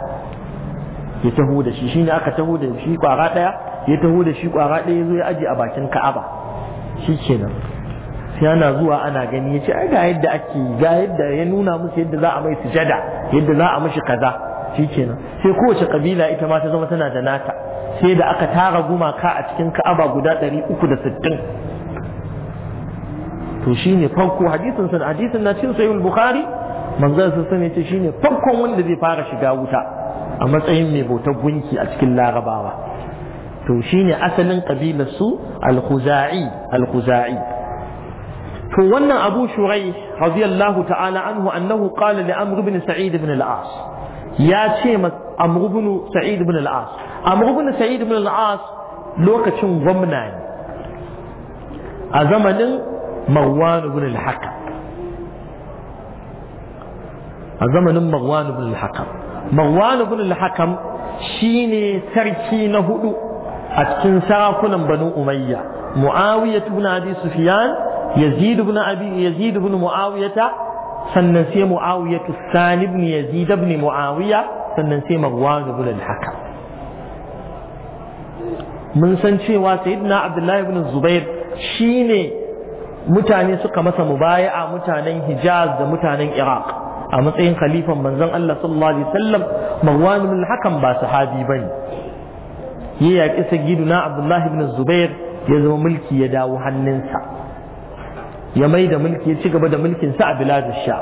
ya taho da shi shine aka taho da shi kwara daya ya taho da shi kwara daya zo ya aje a bakin ka'aba shi kenan sai ana zuwa ana gani ya ce ai ga yadda ake ga yadda ya nuna musu yadda za a mai sujada yadda za a mashi kaza shi kenan sai kowace kabila ita ma ta zama tana da nata sai da aka tara gumaka a cikin ka'aba guda 360 to shine farko hadisin sun hadisin na cin sahih bukhari manzon sun sun yace shine farkon wanda zai fara shiga wuta a matsayin mai bautar gunki a cikin larabawa to shine asalin kabilar su al-khuza'i al-khuza'i to wannan abu shurai radiyallahu ta'ala anhu annahu qala li amr ibn sa'id ibn al-as ya ce ma amr ibn sa'id ibn al-as amr ibn sa'id ibn al-as lokacin gwamna ne a zamanin marwan ibn al-hakam a zamanin marwan ibn al-hakam marwan ibn al-hakam shine sarki na hudu a cikin sarakunan banu umayya muawiya ibn abi sufyan yazid ibn abi yazid ibn ta sannan sai muawiya sani ibn yazid ibn muawiya sannan sai marwan ibn al-hakam mun san cewa sayyidina abdullahi ibn zubair shine mutane suka masa mubaya'a mutanen hijaz da mutanen iraq a matsayin khalifan manzon Allah sallallahu alaihi wasallam marwan ibn al-hakam ba sahabi bane ya yaƙi na abdullahi bin zubair ya zama mulki ya dawo hannunsa ya mai da mulki ya ci gaba da mulkin sa a biladun sha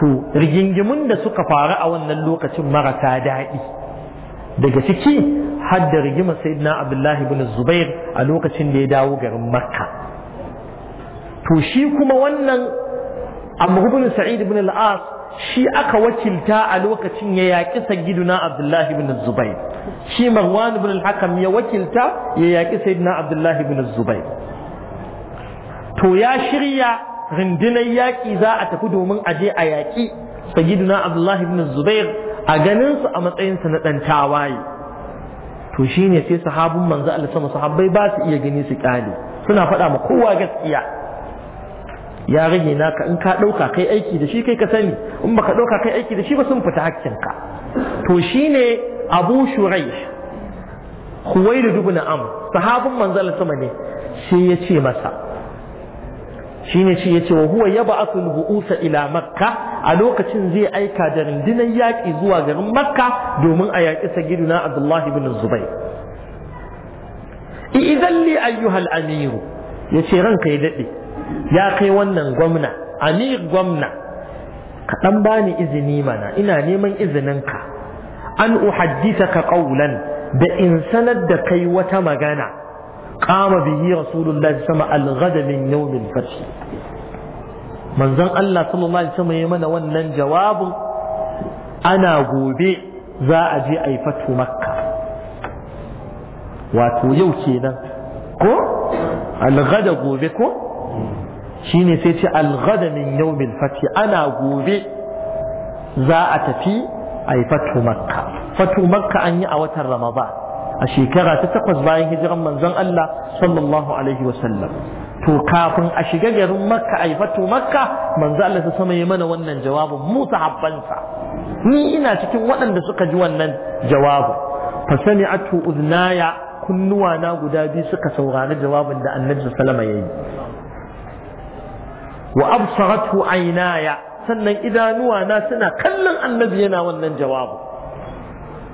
to rigingimun da suka faru a wannan lokacin marasa daɗi daga ciki har da rigimar na abdullahi bin zubair a lokacin da ya dawo garin makka to shi kuma wannan amr sa'id bin al shi aka wakilta a lokacin ya yaƙi sayyiduna Abdullahi ibn Zubair shi Marwan ibn al ya wakilta ya yaƙi sayyiduna Abdullahi ibn Zubair to ya shirya rundunar yaƙi za a tafi domin a je a yaƙi sayyiduna Abdullahi ibn Zubair a ganin su a matsayin sa na dan tawaye to shine sai sahabun manzo Allah sama sahabbai ba su iya gani su kyale suna faɗa ma kowa gaskiya ya rage naka in ka ɗauka kai aiki da shi kai ka sani in baka ɗauka kai aiki da shi ba sun fita hakkinka to shine abu shuraih huwaidu ibn am sahabin manzal sama ne shi ya ce masa shi ne shi ya ce wa huwa yab'athu al-bu'usa ila makka a lokacin zai aika da rundunar yaƙi zuwa garin makka domin a yaƙi sagiduna abdullahi ibn zubair idan li ayyuhal amiru yace ranka ya dade ya kai wannan gwamna amir gwamna Kaɗan dan bani izini mana ina neman izininka an ka ƙaulan da in sanar da kai wata magana qama bihi rasulullahi sama al yau min yawm al-fath Allah sallallahu alaihi wasallam ya mana wannan jawabin ana gobe za a je a yi fatu makka wato yau kenan ko al gobe ko shine sai ce alghada min yawmil ana gobe za a tafi a yi fatu makka fatu makka an yi a watan ramadan a shekara ta takwas bayan hijiran manzon Allah sallallahu alaihi wasallam to kafin a shiga garin makka a yi fatu makka manzon Allah ta sama yi mana wannan jawabin mu sahabbansa ni ina cikin waɗanda suka ji wannan jawabin fa sami'atu uznaya kunnuwa na guda biyu suka saurari jawabin da annabi sallama yayi wa absaratu aynaya sannan idanuwa na suna kallon annabi yana wannan jawabu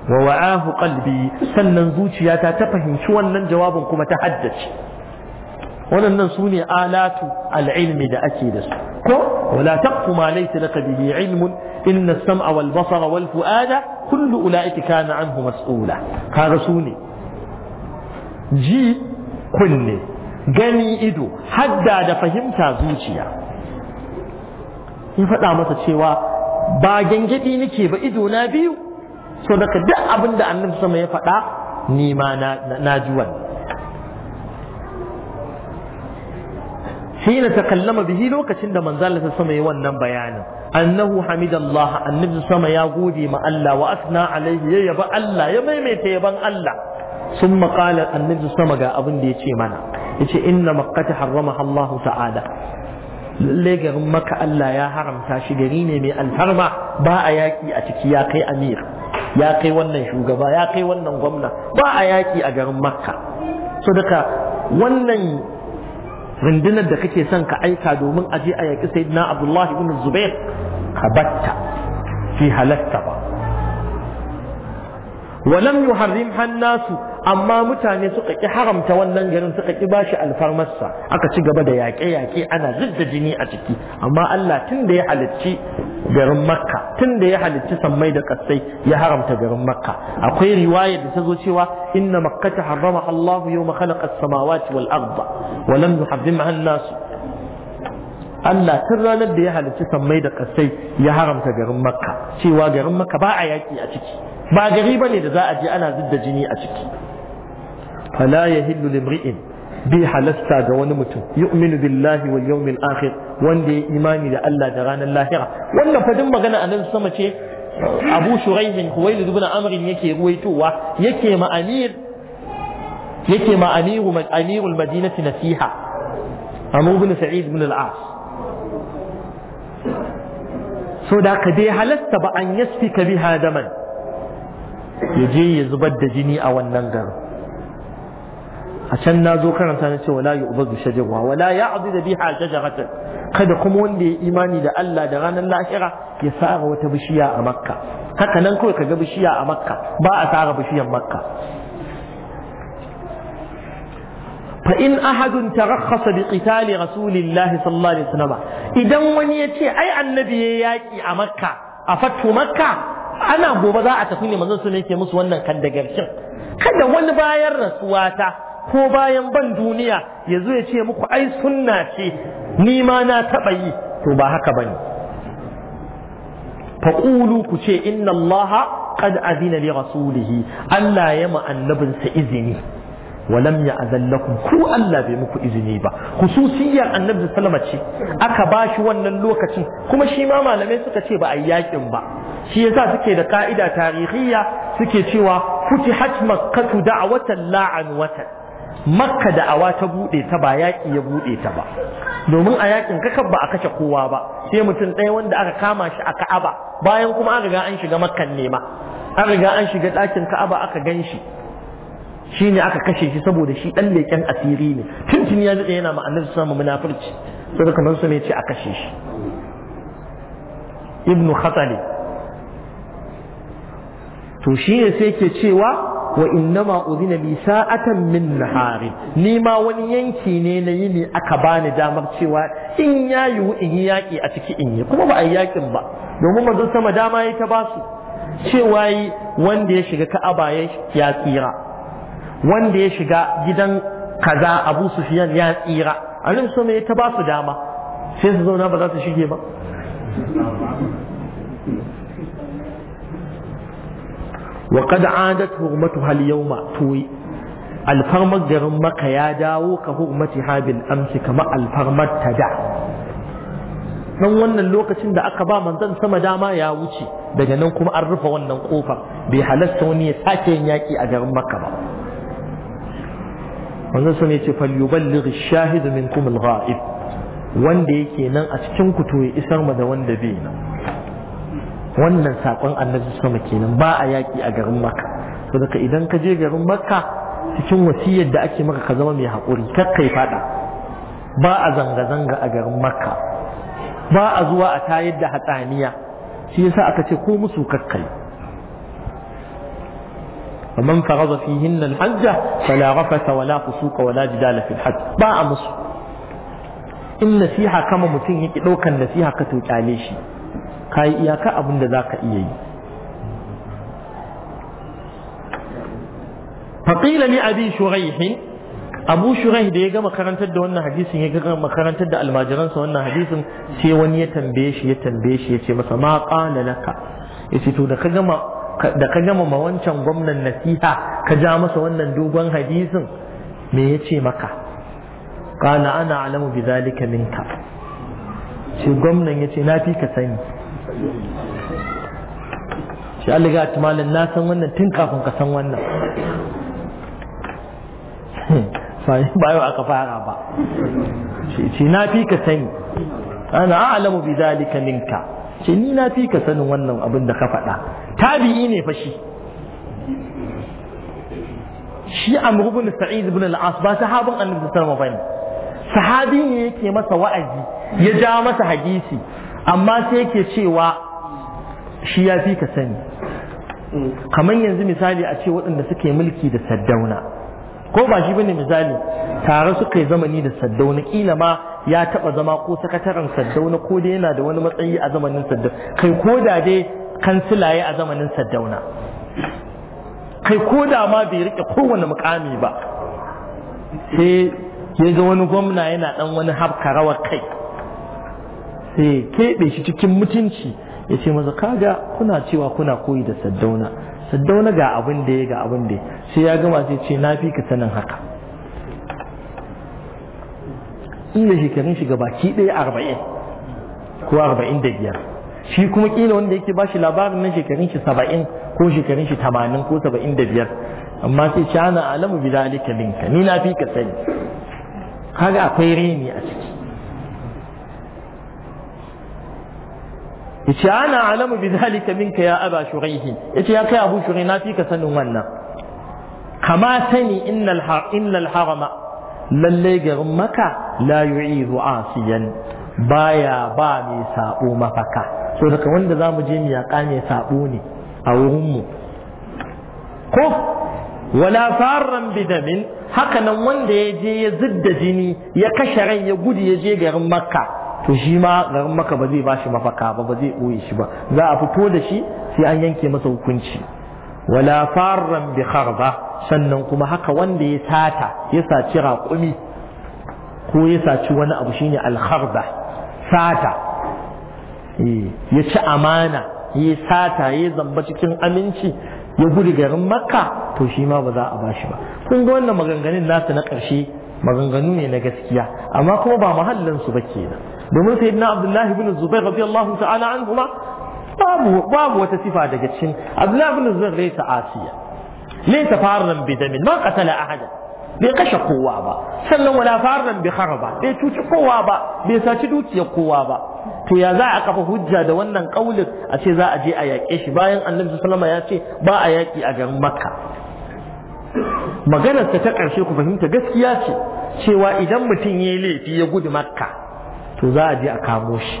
wa wa'ahu qalbi sannan zuciyata ta fahimci wannan jawabin kuma ta haddace waɗannan su ne alatu al'ilmi da ake da su ko wala taqfu ma laysa laka bihi ilmun inna as-sam'a wal basara wal fu'ada kullu ulaika kana anhu mas'ula kaga su ne ji kunne gani ido hadda da fahimta zuciya sun faɗa masa cewa ba gangadi nake ba ido na biyu so daga duk abin da annabi sama ya faɗa ni ma na ji wannan ta kallama lokacin lokacin da manzo Allah sama ya wannan bayanin annahu hamidallah annabi sama ya gode ma Allah wa asna alaihi ya yaba Allah ya maimaita yaban Allah Sun qala annabi sama ga abin da ce mana yace inna makkata harrama allahu ta'ala Lallai garin maka Allah ya haramta shi gari ne mai alfarma ba a yaƙi a ciki ya kai amir ya kai wannan shugaba ya kai wannan gwamna ba a yaƙi a garin makka so wannan rundunar da kake son ka aika domin a je a yaƙi sayyidina abdullahi ibn zubair ka batta fi halatta ba walam yuharrim hannasu amma mutane suka ki haramta wannan garin suka ƙi bashi alfarmarsa aka ci gaba da yaƙe-yaƙe ana zidda jini a ciki amma Allah tun da ya halicci garin makka tun da ya halicci sammai da ƙasai ya haramta garin makka akwai riwaya da ta zo cewa inna makkata harrama Allah yawma khalaqa as-samawati wal arda wa lam yuharrimha an Allah tun ranar da ya halicci sammai da ƙasai ya haramta garin makka cewa garin makka ba a yaƙi a ciki ba gari ba ne da za a je ana zidda jini a ciki fala ya hillu limri'in bi halasta ga wani mutum yu'minu billahi wal yawmil akhir wanda ya imani da Allah da ranar lahira wannan fadin magana a nan sama ce Abu Shuraihin Huwailid ibn amrin yake ruwaitowa yake ma yake ma amiru madinati nasiha Amr ibn Sa'id ibn al-As so da ka dai halasta ba an yasfi ka biha daman ya je ya zubar da jini a wannan garin a can na zo karanta na ce wala yu'badu shajarwa wala ya'budu biha shajaratan kada kuma wanda ya imani da Allah da ranar lahira ya sara wata bishiya a makka haka nan kawai kaga bishiya a makka ba a sara bishiyar makka fa in ahadun tarakhasa bi qitali rasulillahi sallallahu alaihi wasallam idan wani ya ce ai annabi ya yaki a makka a fatu makka ana gobe za a tafi ne manzon sun ke musu wannan kandagarcin kada wani bayan rasuwa ta ko bayan ban duniya ya zo ya ce muku ai sunna ce ni ma na taɓa yi to ba haka bane Faƙulu ku ce inna allaha qad azina li rasulihi Allah ya ma annabinsa izini walam ya azallakum ku Allah bai muku izini ba khususiyar annabi sallama ce aka bashi wannan lokacin kuma shi ma malamai suka ce ba a yakin ba shi yasa suke da ka'ida tarihiyya suke cewa futihat makkatu da'watan la'an watan makka awa ta buɗe ta ba yaki ya buɗe ta ba domin a yakin kakan ba a kashe kowa ba sai mutum ɗaya wanda aka kama shi a Ka'aba bayan kuma an riga an shiga makkan nema an riga an shiga ɗakin Ka'aba aka gan shi shi ne aka kashe shi saboda shi ɗan leƙen asiri ne tun ya daɗe yana ma'anar su samu munafurci sai da kamar su ne ce a kashe shi ibnu khatali to shi ne sai ke cewa wa innama udhina bi sa'atan min nahari ni ma wani yanki ne na yi ne aka bani damar cewa in ya yiwu in yi yaƙi a ciki in yi kuma ba a yi yaƙin ba domin manzon sama dama ya ta basu cewa wanda ya shiga ka'aba ya tsira wanda ya shiga gidan kaza abu sufiyan ya tsira a nan so ya ta ba su dama sai su zauna ba za su shige ba وقد عادت هرمتها اليوم توي alfarmar garin maka ya dawo ka hurmati habil amsi kama alfarmar ta da Nan wannan lokacin da aka ba manzon sama dama ya wuce daga nan kuma an rufe wannan kofar bai halasta wani ya sake yin yaƙi a garin maka ba wannan sun yace falyuballigh ash-shahid minkum al-ghaib wanda yake nan a cikin ku to ya isar ma da wanda bai nan wannan sakon annabi sama kenan ba a yaki a garin makka saboda idan ka je garin makka cikin wasiyar da ake maka ka zama mai hakuri kar kai fada ba a zanga zanga a garin makka ba a zuwa a tayar da hatsaniya shi yasa aka ce ko musu kakkai ومن فرض فيهن الحج فلا رفث ولا فسوق ولا جدال في الحج باء مصر إن نسيحة كما متنهك لو كان نسيحة كتوك عليش كاي إياك أبن ذاك إيه فقيل لأبي شغيح أبو شغيح ديجا ما كانت تدو أن حديث يجا ما كانت تدو المجران سوى أن حديث سيوان يتنبيش يتنبيش يتنبيش ما قال لك يسيتو دخل ما da ka gama ma wancan gwamnan nasiha ka ja masa wannan dogon hadisin me ya ce maka kana ana alamu bi zalika minka shi gwamnan ya ce na fi ka sani shi an liga tumalin na san wannan tun kafin ka san wannan ba yau aka fara ba shi na fi ka sani ana alamu bi zalika minka ce ni na fi ka sanin wannan abin da ka faɗa tabi'i ne fa shi shi amr ibn sa'id ibn al-as ba sahabin annabi sallallahu alaihi wasallam sahabi ne yake masa wa'azi ya ja masa hadisi amma sai yake cewa shi ya fi ka sani kamar yanzu misali a ce waɗanda suke mulki da saddauna ko ba shi bane misali tare suka yi zamani da saddauna kila ma ya taba zama ko sakataren saddauna ko dai yana da wani matsayi a zamanin saddauna kai ko da dai kansilaye a zamanin saddauna kai ko da ma bai rike kowane mukami ba sai ya ga wani gwamna yana dan wani habka rawar kai sai keɓe shi cikin mutunci ya ce maza kaga kuna cewa kuna koyi da saddauna saddauna ga abin da ya ga abin da sai ya gama sai ce na fi ka sanin haka kila shekarun shi baki ɗaya arba'in ko arba'in da biyar shi kuma kila wanda yake ba shi labarin na shekarun shi saba'in ko shekarun shi tamanin ko saba'in da biyar amma sai ci ana alamu bi zalika minka ni na fi ka sani kaga akwai reni a ciki yace ana alamu bi zalika minka ya aba shuraihi yace ya kai abu shuraihi na fi ka sanin wannan kama sani innal harama lallai garin maka la yu'izu asiyan baya ba mai sabo mafaka so daga wanda za mu je mu yaƙa mai sabo ne a wurinmu ko wala farran bidamin haka nan wanda ya je ya zidda jini ya kashe ran ya gudu ya je garin makka to shi ma garin makka ba zai ba shi mafaka ba ba zai ɓoye shi ba za a fito da shi sai an yanke masa hukunci wala farran bi kharba sannan kuma haka wanda ya sata ya saci raƙumi ko ya saci wani abu shine al kharba sata eh, ya ci amana ya sata ya zamba cikin aminci ya gudu garin makka to shi ma ba za a bashi ba kun ga wannan maganganun nasu na ƙarshe maganganu ne na gaskiya amma kuma ba muhallin su ba kenan domin sayyidina abdullahi ibn zubair radiyallahu ta'ala anhu ma babu babu wata sifa daga cikin Abdullah ibn Zubair laysa asiya laysa faran bi damin ma qatala ahada bai kashe kowa ba sannan wala faran bi kharaba bai cuci kowa ba bai saci dukiyar kowa ba to ya za a kafa hujja da wannan kaulin a ce za a je a yaƙe shi bayan annabi sallallahu alaihi wasallam ya ce ba a yaƙi a garin makka maganarsa ta ƙarshe ku fahimta gaskiya ce cewa idan mutum ya yi laifi ya gudu makka to za a je a kamo shi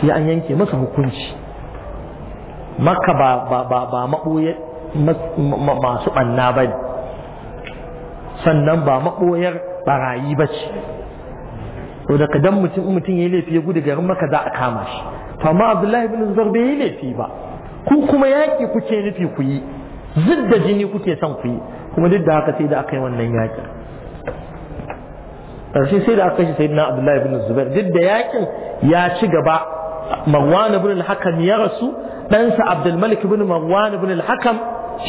sai an yanke masa hukunci maka ba ba ba ba masu ɓanna ba ne sannan ba maɓoyar barayi ba ce to da kadan mutum mutum ya laifi ya gudu garin maka za a kama shi to amma abdullahi bin zubair bai yi laifi ba ku kuma yaƙi kuke nufi ku yi zidda jini kuke son ku yi kuma duk da haka sai da aka yi wannan yaƙi ƙarshe sai da aka shi sayyidina abdullahi bin zubair duk da yaƙin ya ci gaba marwan ibn al-hakam ya rasu ɗansa abdulmalik ibn marwan ibn al-hakam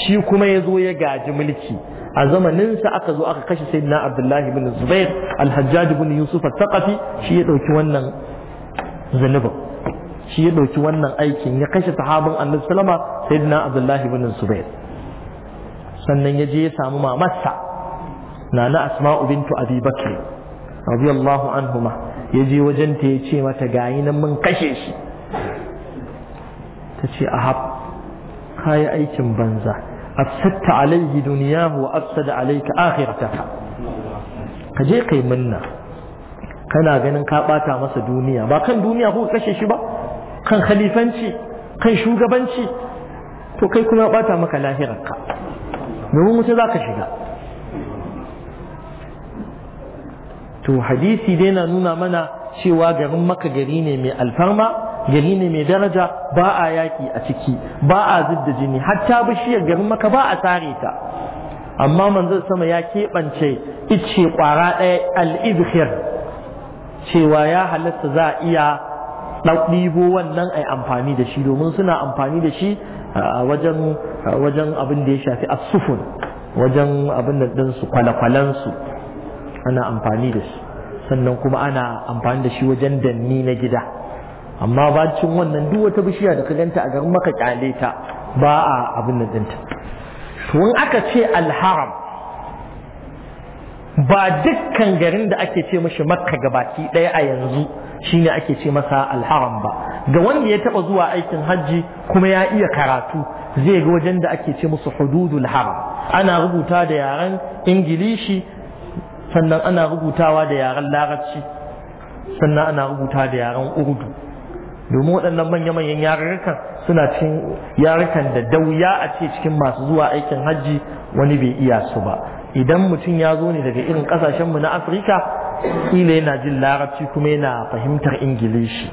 shi kuma ya zo ya gaji mulki a zamaninsa aka zo aka kashe sayyidina abdullahi ibn zubair al-hajjaj ibn yusuf al-thaqafi shi ya ɗauki wannan zunubin shi ya ɗauki wannan aikin ya kashe sahabar annabi sallama sayyidina abdullahi ibn zubair sannan ya je ya samu mamarsa nana asma'u bintu abi bakr radiyallahu anhuma ya je wajen ta ya ce mata gayi nan mun kashe shi ta ce ahab kayi aikin banza afsatta alaihi duniyahu wa afsada alaika akhirataka ka je kai minna kana ganin ka bata masa duniya ba kan duniya ko kashe shi ba kan khalifanci kan shugabanci to kai kuma bata maka lahirarka domin wuta za ka shiga to hadisi dai na nuna mana cewa garin maka gari ne mai alfarma gari ne mai daraja ba a yaki a ciki ba a zidda jini hatta bishiyar garin maka ba a sare ta amma manzon sama ya keɓance ice ƙwara ɗaya al'izhir cewa ya halatta za a iya ɗibo wannan ai amfani da shi domin suna amfani da shi wajen abin da ya shafi asufun wajen abin da ɗinsu kwale-kwalensu ana amfani da shi sannan kuma ana amfani da shi wajen danni na gida amma bacin wannan duk wata bishiya da ka ganta a garin maka kyale ta ba a abin da dinta to in aka ce alharam ba dukkan garin da ake ce mashi makka gabaki ɗaya a yanzu shine ake ce masa alharam ba ga wanda ya taɓa zuwa aikin hajji kuma ya iya karatu zai ga wajen da ake ce musu hududul haram ana rubuta da yaren ingilishi sannan ana rubutawa da yaren larabci sannan ana rubuta da yaren urdu domin waɗannan manya-manyan yarurrukan suna cikin yarurrukan da dauya a ce cikin masu zuwa aikin hajji wani bai iya su ba idan mutum ya zo ne daga irin ƙasashenmu na afirka ila yana jin larabci kuma yana fahimtar ingilishi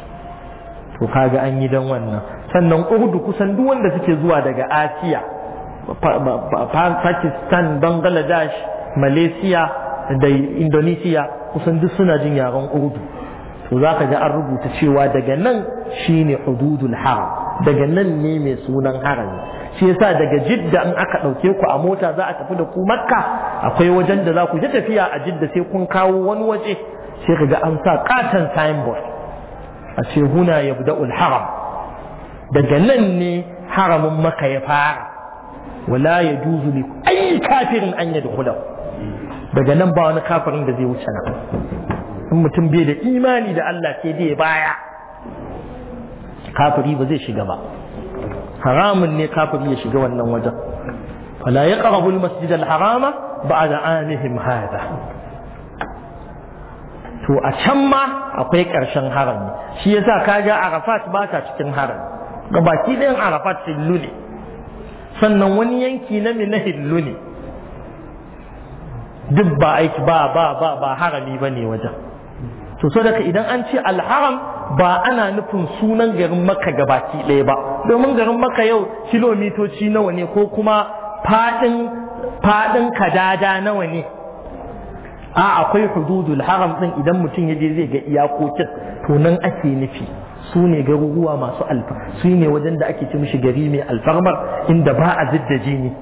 to kaga an yi don wannan sannan urdu kusan duk wanda suke zuwa daga asiya pakistan bangladesh malaysia da Indonesia, kusan duk suna jin yaren urdu to za ka ji an rubuta cewa daga nan shine hududul haram daga nan ne mai sunan Haram? shi yasa daga jidda in aka ɗauke ku a mota za a tafi da ku makka akwai wajen da za ku ji tafiya a jidda sai kun kawo wani waje sai ka ga an sa katon signboard a ce huna yabda'ul haram daga nan ne haramin maka ya fara wala ya juzu ne, ayi kafirin an yadkhulahu daga nan ba wani kafirin da zai wuce nan in mutum bai da imani da Allah sai dai baya kafiri ba zai shiga ba haramun ne kafiri ya shiga wannan wajen fala yaqrabu al-masjid al-harama ba'da anihim hada to a can ma akwai ƙarshen haram, shi yasa kaga arafat ba ta cikin haram, gabaki ɗayan arafat hillu ne sannan wani yanki na mina hillu ne duk ba aiki ba ba ba ba harami ba ne wajen to daga idan an ce alharam ba ana nufin sunan garin maka gabaki ɗaya ba domin garin maka yau kilomitoci nawa ne ko kuma faɗin kadada nawa ne a akwai hududul haram ɗin idan mutum ya je zai ga iyakokin to nan ake nufi su ne garuruwa masu alfa su ne wajen da ake ci mishi gari mai alfarmar inda ba a zidda jini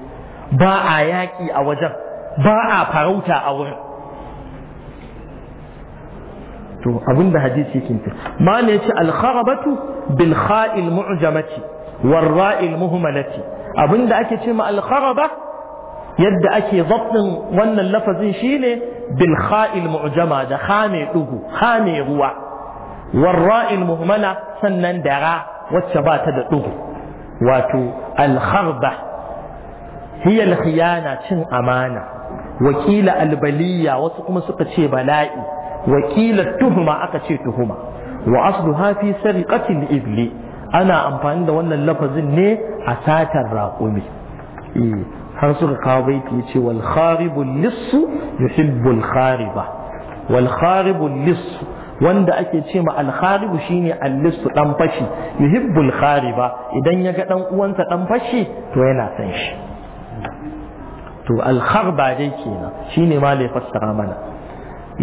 ba a yaƙi a wajen ba a farauta a wurin to abin da hadisi yake nufi ma ne ce bil kha'il mu'jamati muhmalati abin da ake ce ma alkharaba yadda ake zabtin wannan lafazin shine bil kha'il mu'jama da kha mai dugu kha mai ruwa warra'il muhmala sannan da wacce ba ta da dugu wato alkharba hiya alkhiyana cin amana wakila Albaliyya wasu kuma suka ce bala'i wakila tuhuma aka ce tuhuma wa asluha fi sariqatil ibli ana amfani da wannan lafazin ne a satar raƙumi e, har suka kawo baiti ya ce wal kharibul lissu yuhibbul khariba lissu wanda ake ce ma al kharibu shine al lissu dan fashi yuhibbul idan ya ga dan uwansa dan fashi to yana san shi to alkharba dai kenan shine ma ya fassara mana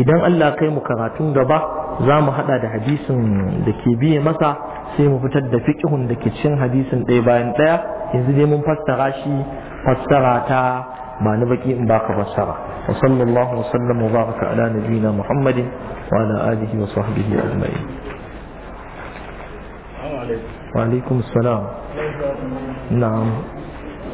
idan Allah kai mu karatun gaba za mu hada da hadisin da ke biye masa sai mu fitar da fiqhun da ke cikin hadisin ɗaya bayan ɗaya yanzu dai mun fassara shi fassara ta ba na baki in baka fassara wa sallallahu wa sallam wa baraka ala nabiyyina muhammadin wa ala alihi wa sahbihi ajma'in wa alaikum salam na'am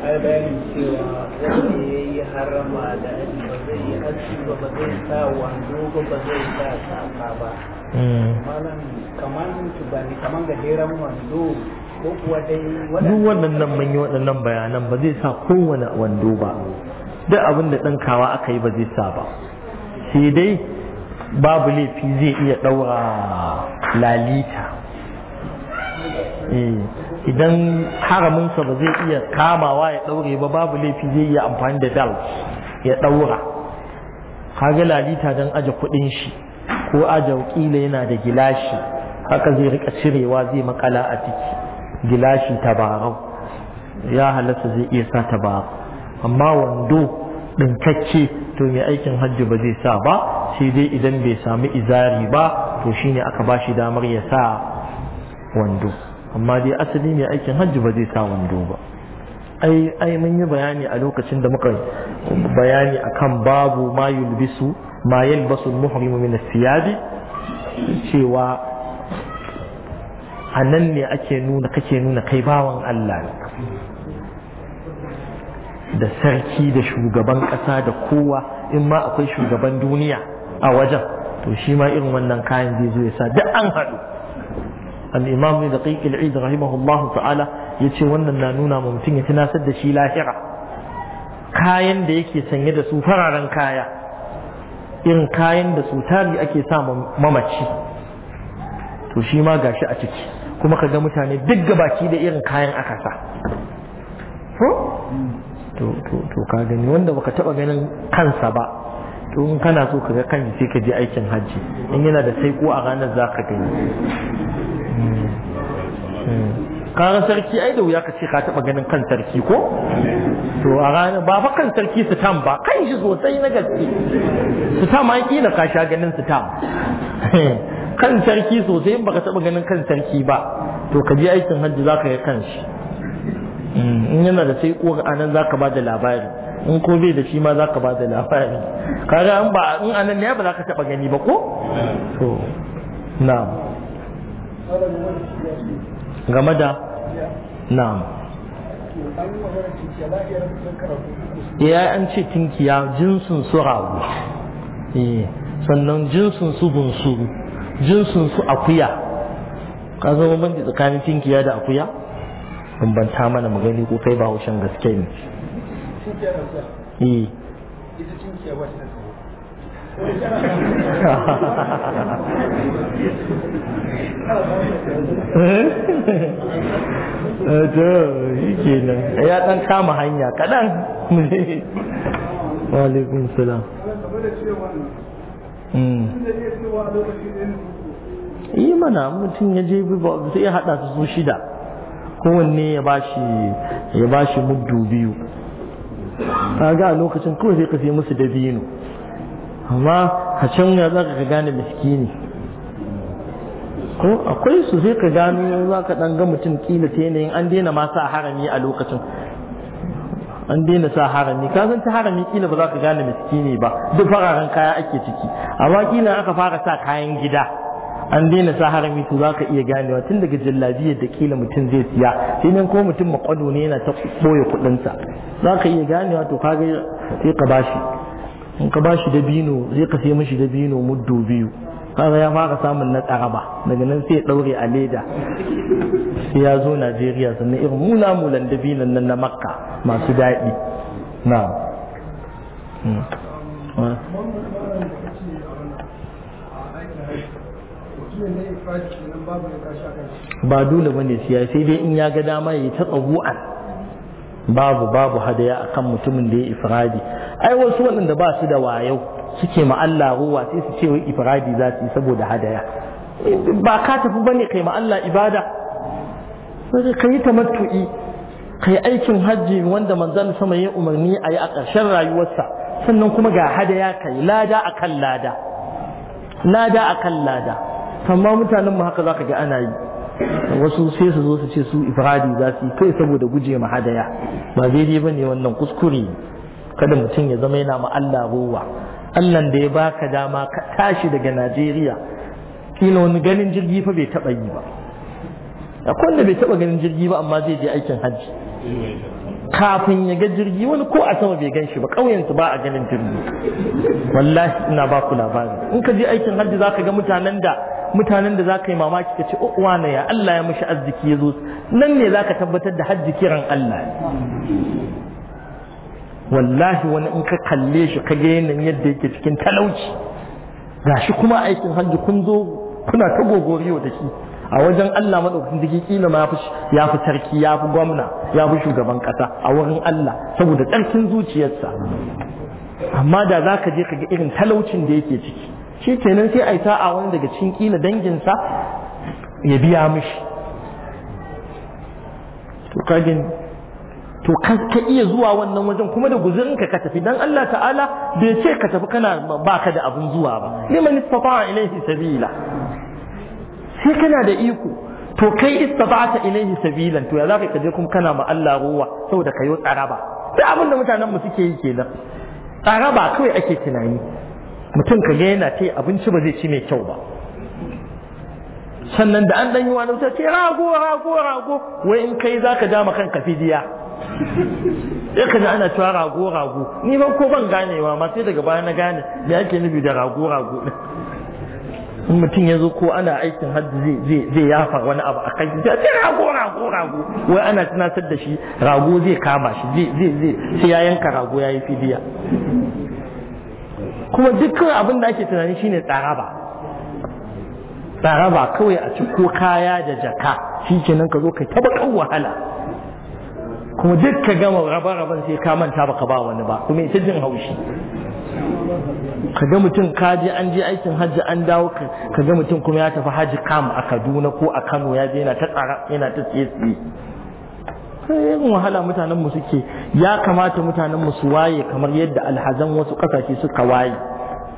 ai bayanin cewa wanda ya yi harama da aji ba zai yi aji ba ba zai sa wando ba ba zai sa safa ba hmm. malam kamar tubani kaman ga heran wando ko kuwa dai duk waɗannan mun yi waɗannan bayanan ba zai sa kowane wando ba duk abin da ɗan kawa aka yi ba zai sa ba sai dai babu laifi zai iya ɗaura lalita eh. idan haraminsa ba zai iya kamawa ya ɗaure ba babu laifi zai iya amfani da dal ya ɗaura kaga lalita don aje kuɗin shi ko aje wakila yana da gilashi haka zai rika cirewa zai makala a ciki gilashi tabarau ya halatta zai iya sa tabarau amma wando ɗin ɗinkakke to mai aikin hajji ba zai sa ba sai dai idan bai sami izari ba to shine aka ba shi damar ya sa wando amma dai asali mai aikin hajji ba zai sa wando ba ai ai mun yi bayani a lokacin da muka bayani akan babu ma yulbisu ma yalbasu muhrimu min siyabi cewa anan nan ne ake nuna kake nuna kai bawan Allah da sarki da shugaban ƙasa da kowa in ma akwai shugaban duniya a wajen to shi ma irin wannan kayan zai zo ya sa duk an haɗu al-imam da daqiq al-eid rahimahullah ta'ala yace wannan na nuna ma mutum ya tunasar da shi lahira kayan da yake sanye da su fararen kaya irin kayan da su tari ake sa mamaci to shi ma gashi a ciki kuma ka ga mutane duk gabaki da irin kayan aka sa to ka gani wanda baka taba ganin kansa ba to in kana so ka ga kan sai ka je aikin hajji in yana da sai ko a ranar za ka gani Hmm. Hmm. kaga sarki ai da wuya ka ce ka taba ganin kan sarki ko to a ranar ba fa kan sarki su tam ba kan shi sosai na gaske su tam an kila na kasha ganin su tam kan sarki sosai in baka taba ganin kan sarki ba to ka je aikin hajji ka yi kan shi hmm. in yana da sai ko anan ka ba da labari in ko bai da shi ma za ka ba da labari kaga in ba in anan ne ba za ka taba gani ba ko to na'am game da na'am ya an ce tinkiya jinsun su ragu eh, sannan jinsun su bunsuru jinsun su akuya ka zama banci tsakanin tinkiya da akuya banta mana magani ko kai ba haushen gaske ne eh. Eh, to yake ne ya dan kama hanya kaɗan walaikun salam yi hmm. eh, mana mutum ya je ba sai ya haɗa su su shida kowanne ya ba shi muddu biyu A ga lokacin kawai sai ka fi musu biyu amma a can ya za ka gane miskini ko akwai su sai ka gano za ka ɗan ga mutum ƙila ta yanayin an daina ma sa harami a lokacin an daina sa harami ka san ta harami ƙila ba za ka gane miskini ba duk fararen kaya ake ciki amma ƙila aka fara sa kayan gida an daina sa harami to za ka iya ganewa tun daga jallabiyar da ƙila mutum zai siya sai nan ko mutum makwado ne yana ta ɓoye kuɗinsa za ka iya ganewa to kaga sai ka bashi in ka ba shi dabino zai ka sai mishi dabino muddo biyu kaga ya fara samun na tsaraba daga nan sai ya daure a leda sai ya zo Najeriya sannan irin muna mulan dabinan nan na makka masu daɗi na hmm. ba dole bane siya sai dai in ya ga dama ya ta tsabu'an babu babu hadaya akan mutumin da ya ifradi ai wasu waɗanda ba su da wayo suke ma Allah ruwa sai su ce wai ifradi za su yi saboda hadaya ba ka tafi bane kai ma Allah ibada sai kai tamattu'i kai aikin hajji wanda manzon sama ya umarni a yi a ƙarshen rayuwarsa sannan kuma ga hadaya kai lada akan lada lada akan lada amma mutanen mu haka zaka ga ana yi wasu sai su zo su ce su ifradi za su yi kai saboda guje ma hadaya ba daidai ba ne wannan kuskure kada mutum ya zama yana ma Allah ruwa Allah da ya baka dama ka tashi daga Najeriya kila wani ganin jirgi fa bai taba yi ba akwai wanda bai taba ganin jirgi ba amma zai je aikin hajji kafin ya ga jirgi wani ko a sama bai gan shi ba ƙauyensu ba a ganin jirgi wallahi ina ba ku labari in ka je aikin hajji za ka ga mutanen da mutanen da zaka yi mamaki ka ce uwa oh, na ya Allah ya mashi arziki ya yazo nan ne za ka tabbatar da hajji kiran Allah wallahi wani in ka kalle shi ka ga yanayin yadda yake cikin talauci shi kuma aikin hajji kun zo kuna ta gogoriyo da shi a wajen Allah madaukakin dake kila ma ya fi sarki ya fi gwamna ya fi shugaban ƙasa a wurin Allah saboda tsarkin zuciyarsa amma da za ka je ka ga irin talaucin da yake ciki shi kenan sai a yi sa'a wani daga cikin kila danginsa ya biya mishi to kagin to ka iya zuwa wannan wajen kuma da guzurinka ka tafi dan Allah ta'ala bai ce ka tafi kana ka da abin zuwa ba liman istata'a ilayhi sabila sai kana da iko to kai istata'ta ilayhi sabilan to ya zaka ka kuma kana ma Allah ruwa saboda kayo tsaraba sai abin da mutanen mu suke yi kenan tsaraba kawai ake tunani mutum ka ga yana ta abinci ba zai ci mai kyau ba sannan da an dan yi wani ce rago rago rago wai in kai zaka ja ma kanka fidiya sai ka ji ana cewa rago rago ni ban ko ban ganewa ma sai daga baya na gane me ake nufi da rago rago in mutum ya zo ko ana aikin hajji zai yafa wani abu a kai sai rago rago rago wai ana tunatar da shi rago zai kama shi zai zai sai ya yanka rago ya yayi fidiya kuma dukkan abin da ake tunani shine tsaraba tsaraba kawai a ciko kaya da jaka shi nan ka zo ka taba kan wahala kuma duk ka gama raba-raban sai ka manta baka ba wani ba kuma ita jin haushi ka ga mutum ka je an je aikin hajji an dawo ka ga mutum kuma ya tafi hajji kam a Kaduna ko a Kano ya je yana ta tsara yana ta tsiye yin wahala mutanenmu suke ya kamata mutanenmu su waye kamar yadda alhazan wasu kasashe suka waye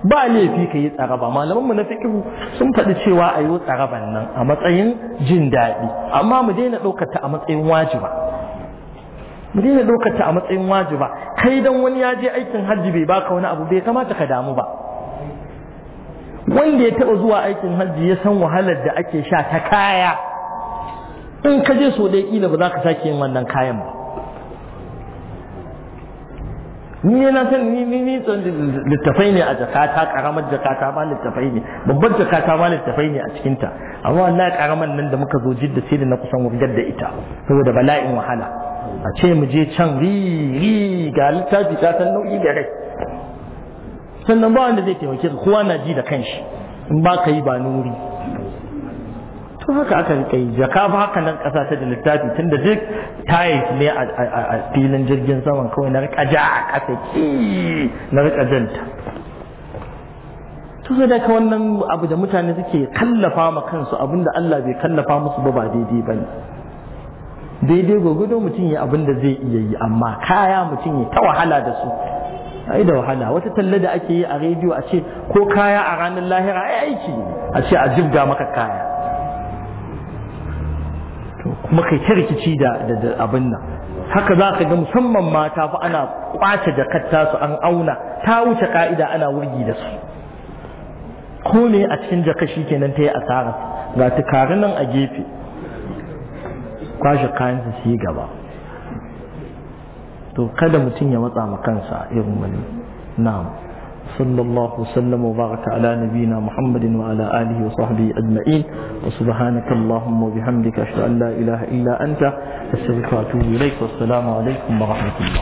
ba laifi ka yi tsaraba malamanmu na fiƙihu sun faɗi cewa a yi tsaraban nan a matsayin jin daɗi amma mu daina ɗaukata a matsayin wajiba mu daina ɗaukata a matsayin wajiba kai dan wani ya je aikin hajji bai baka wani abu bai kamata ka damu ba wanda ya taɓa zuwa aikin hajji ya san wahalar da ake sha ta kaya in ka je so dai kila ba za ka sake yin wannan kayan ba ni yana san ni ni ni san littafai ne a jakata karamar jakata ba littafai ne babbar jakata ba littafai ne a cikin ta amma wallahi karamar nan da muka zo jidda sai da na kusan wurgar da ita saboda bala'in wahala a ce mu je can ri ri ga littafi ta san nau'i da rai sannan ba wanda zai taimake ka kowa na ji da kanshi in ba ka yi ba nuri to haka aka rika yi jaka ba haka nan ƙasa ta da littafi da duk tayis ne a filin jirgin saman kawai na rika ja a ƙasa ki na rika janta to da ka wannan abu da mutane suke kallafa ma kansu abinda Allah bai kallafa musu ba ba daidai ba ne daidai gwagwado mutum ya abin da zai iya yi amma kaya mutum ya ta wahala da su ai da wahala wata talla da ake yi a rediyo a ce ko kaya a ranar lahira ai aiki ne a ce a jibga maka kaya kuma kai ta rikici da abin nan haka za ka ga musamman mata fa ana kwace jakarta su an auna ta wuce ka'ida ana wurgi da su ko ne a cikin jaka shi kenan ta yi asara ga tukari nan a gefe kwashe kayan su yi gaba to kada mutum ya matsa ma kansa irin wani na'am صلى الله وسلم وبارك على نبينا محمد وعلى آله وصحبه أجمعين وسبحانك اللهم وبحمدك أشهد أن لا إله إلا أنت أستغفرك وأتوب إليك والسلام عليكم ورحمة الله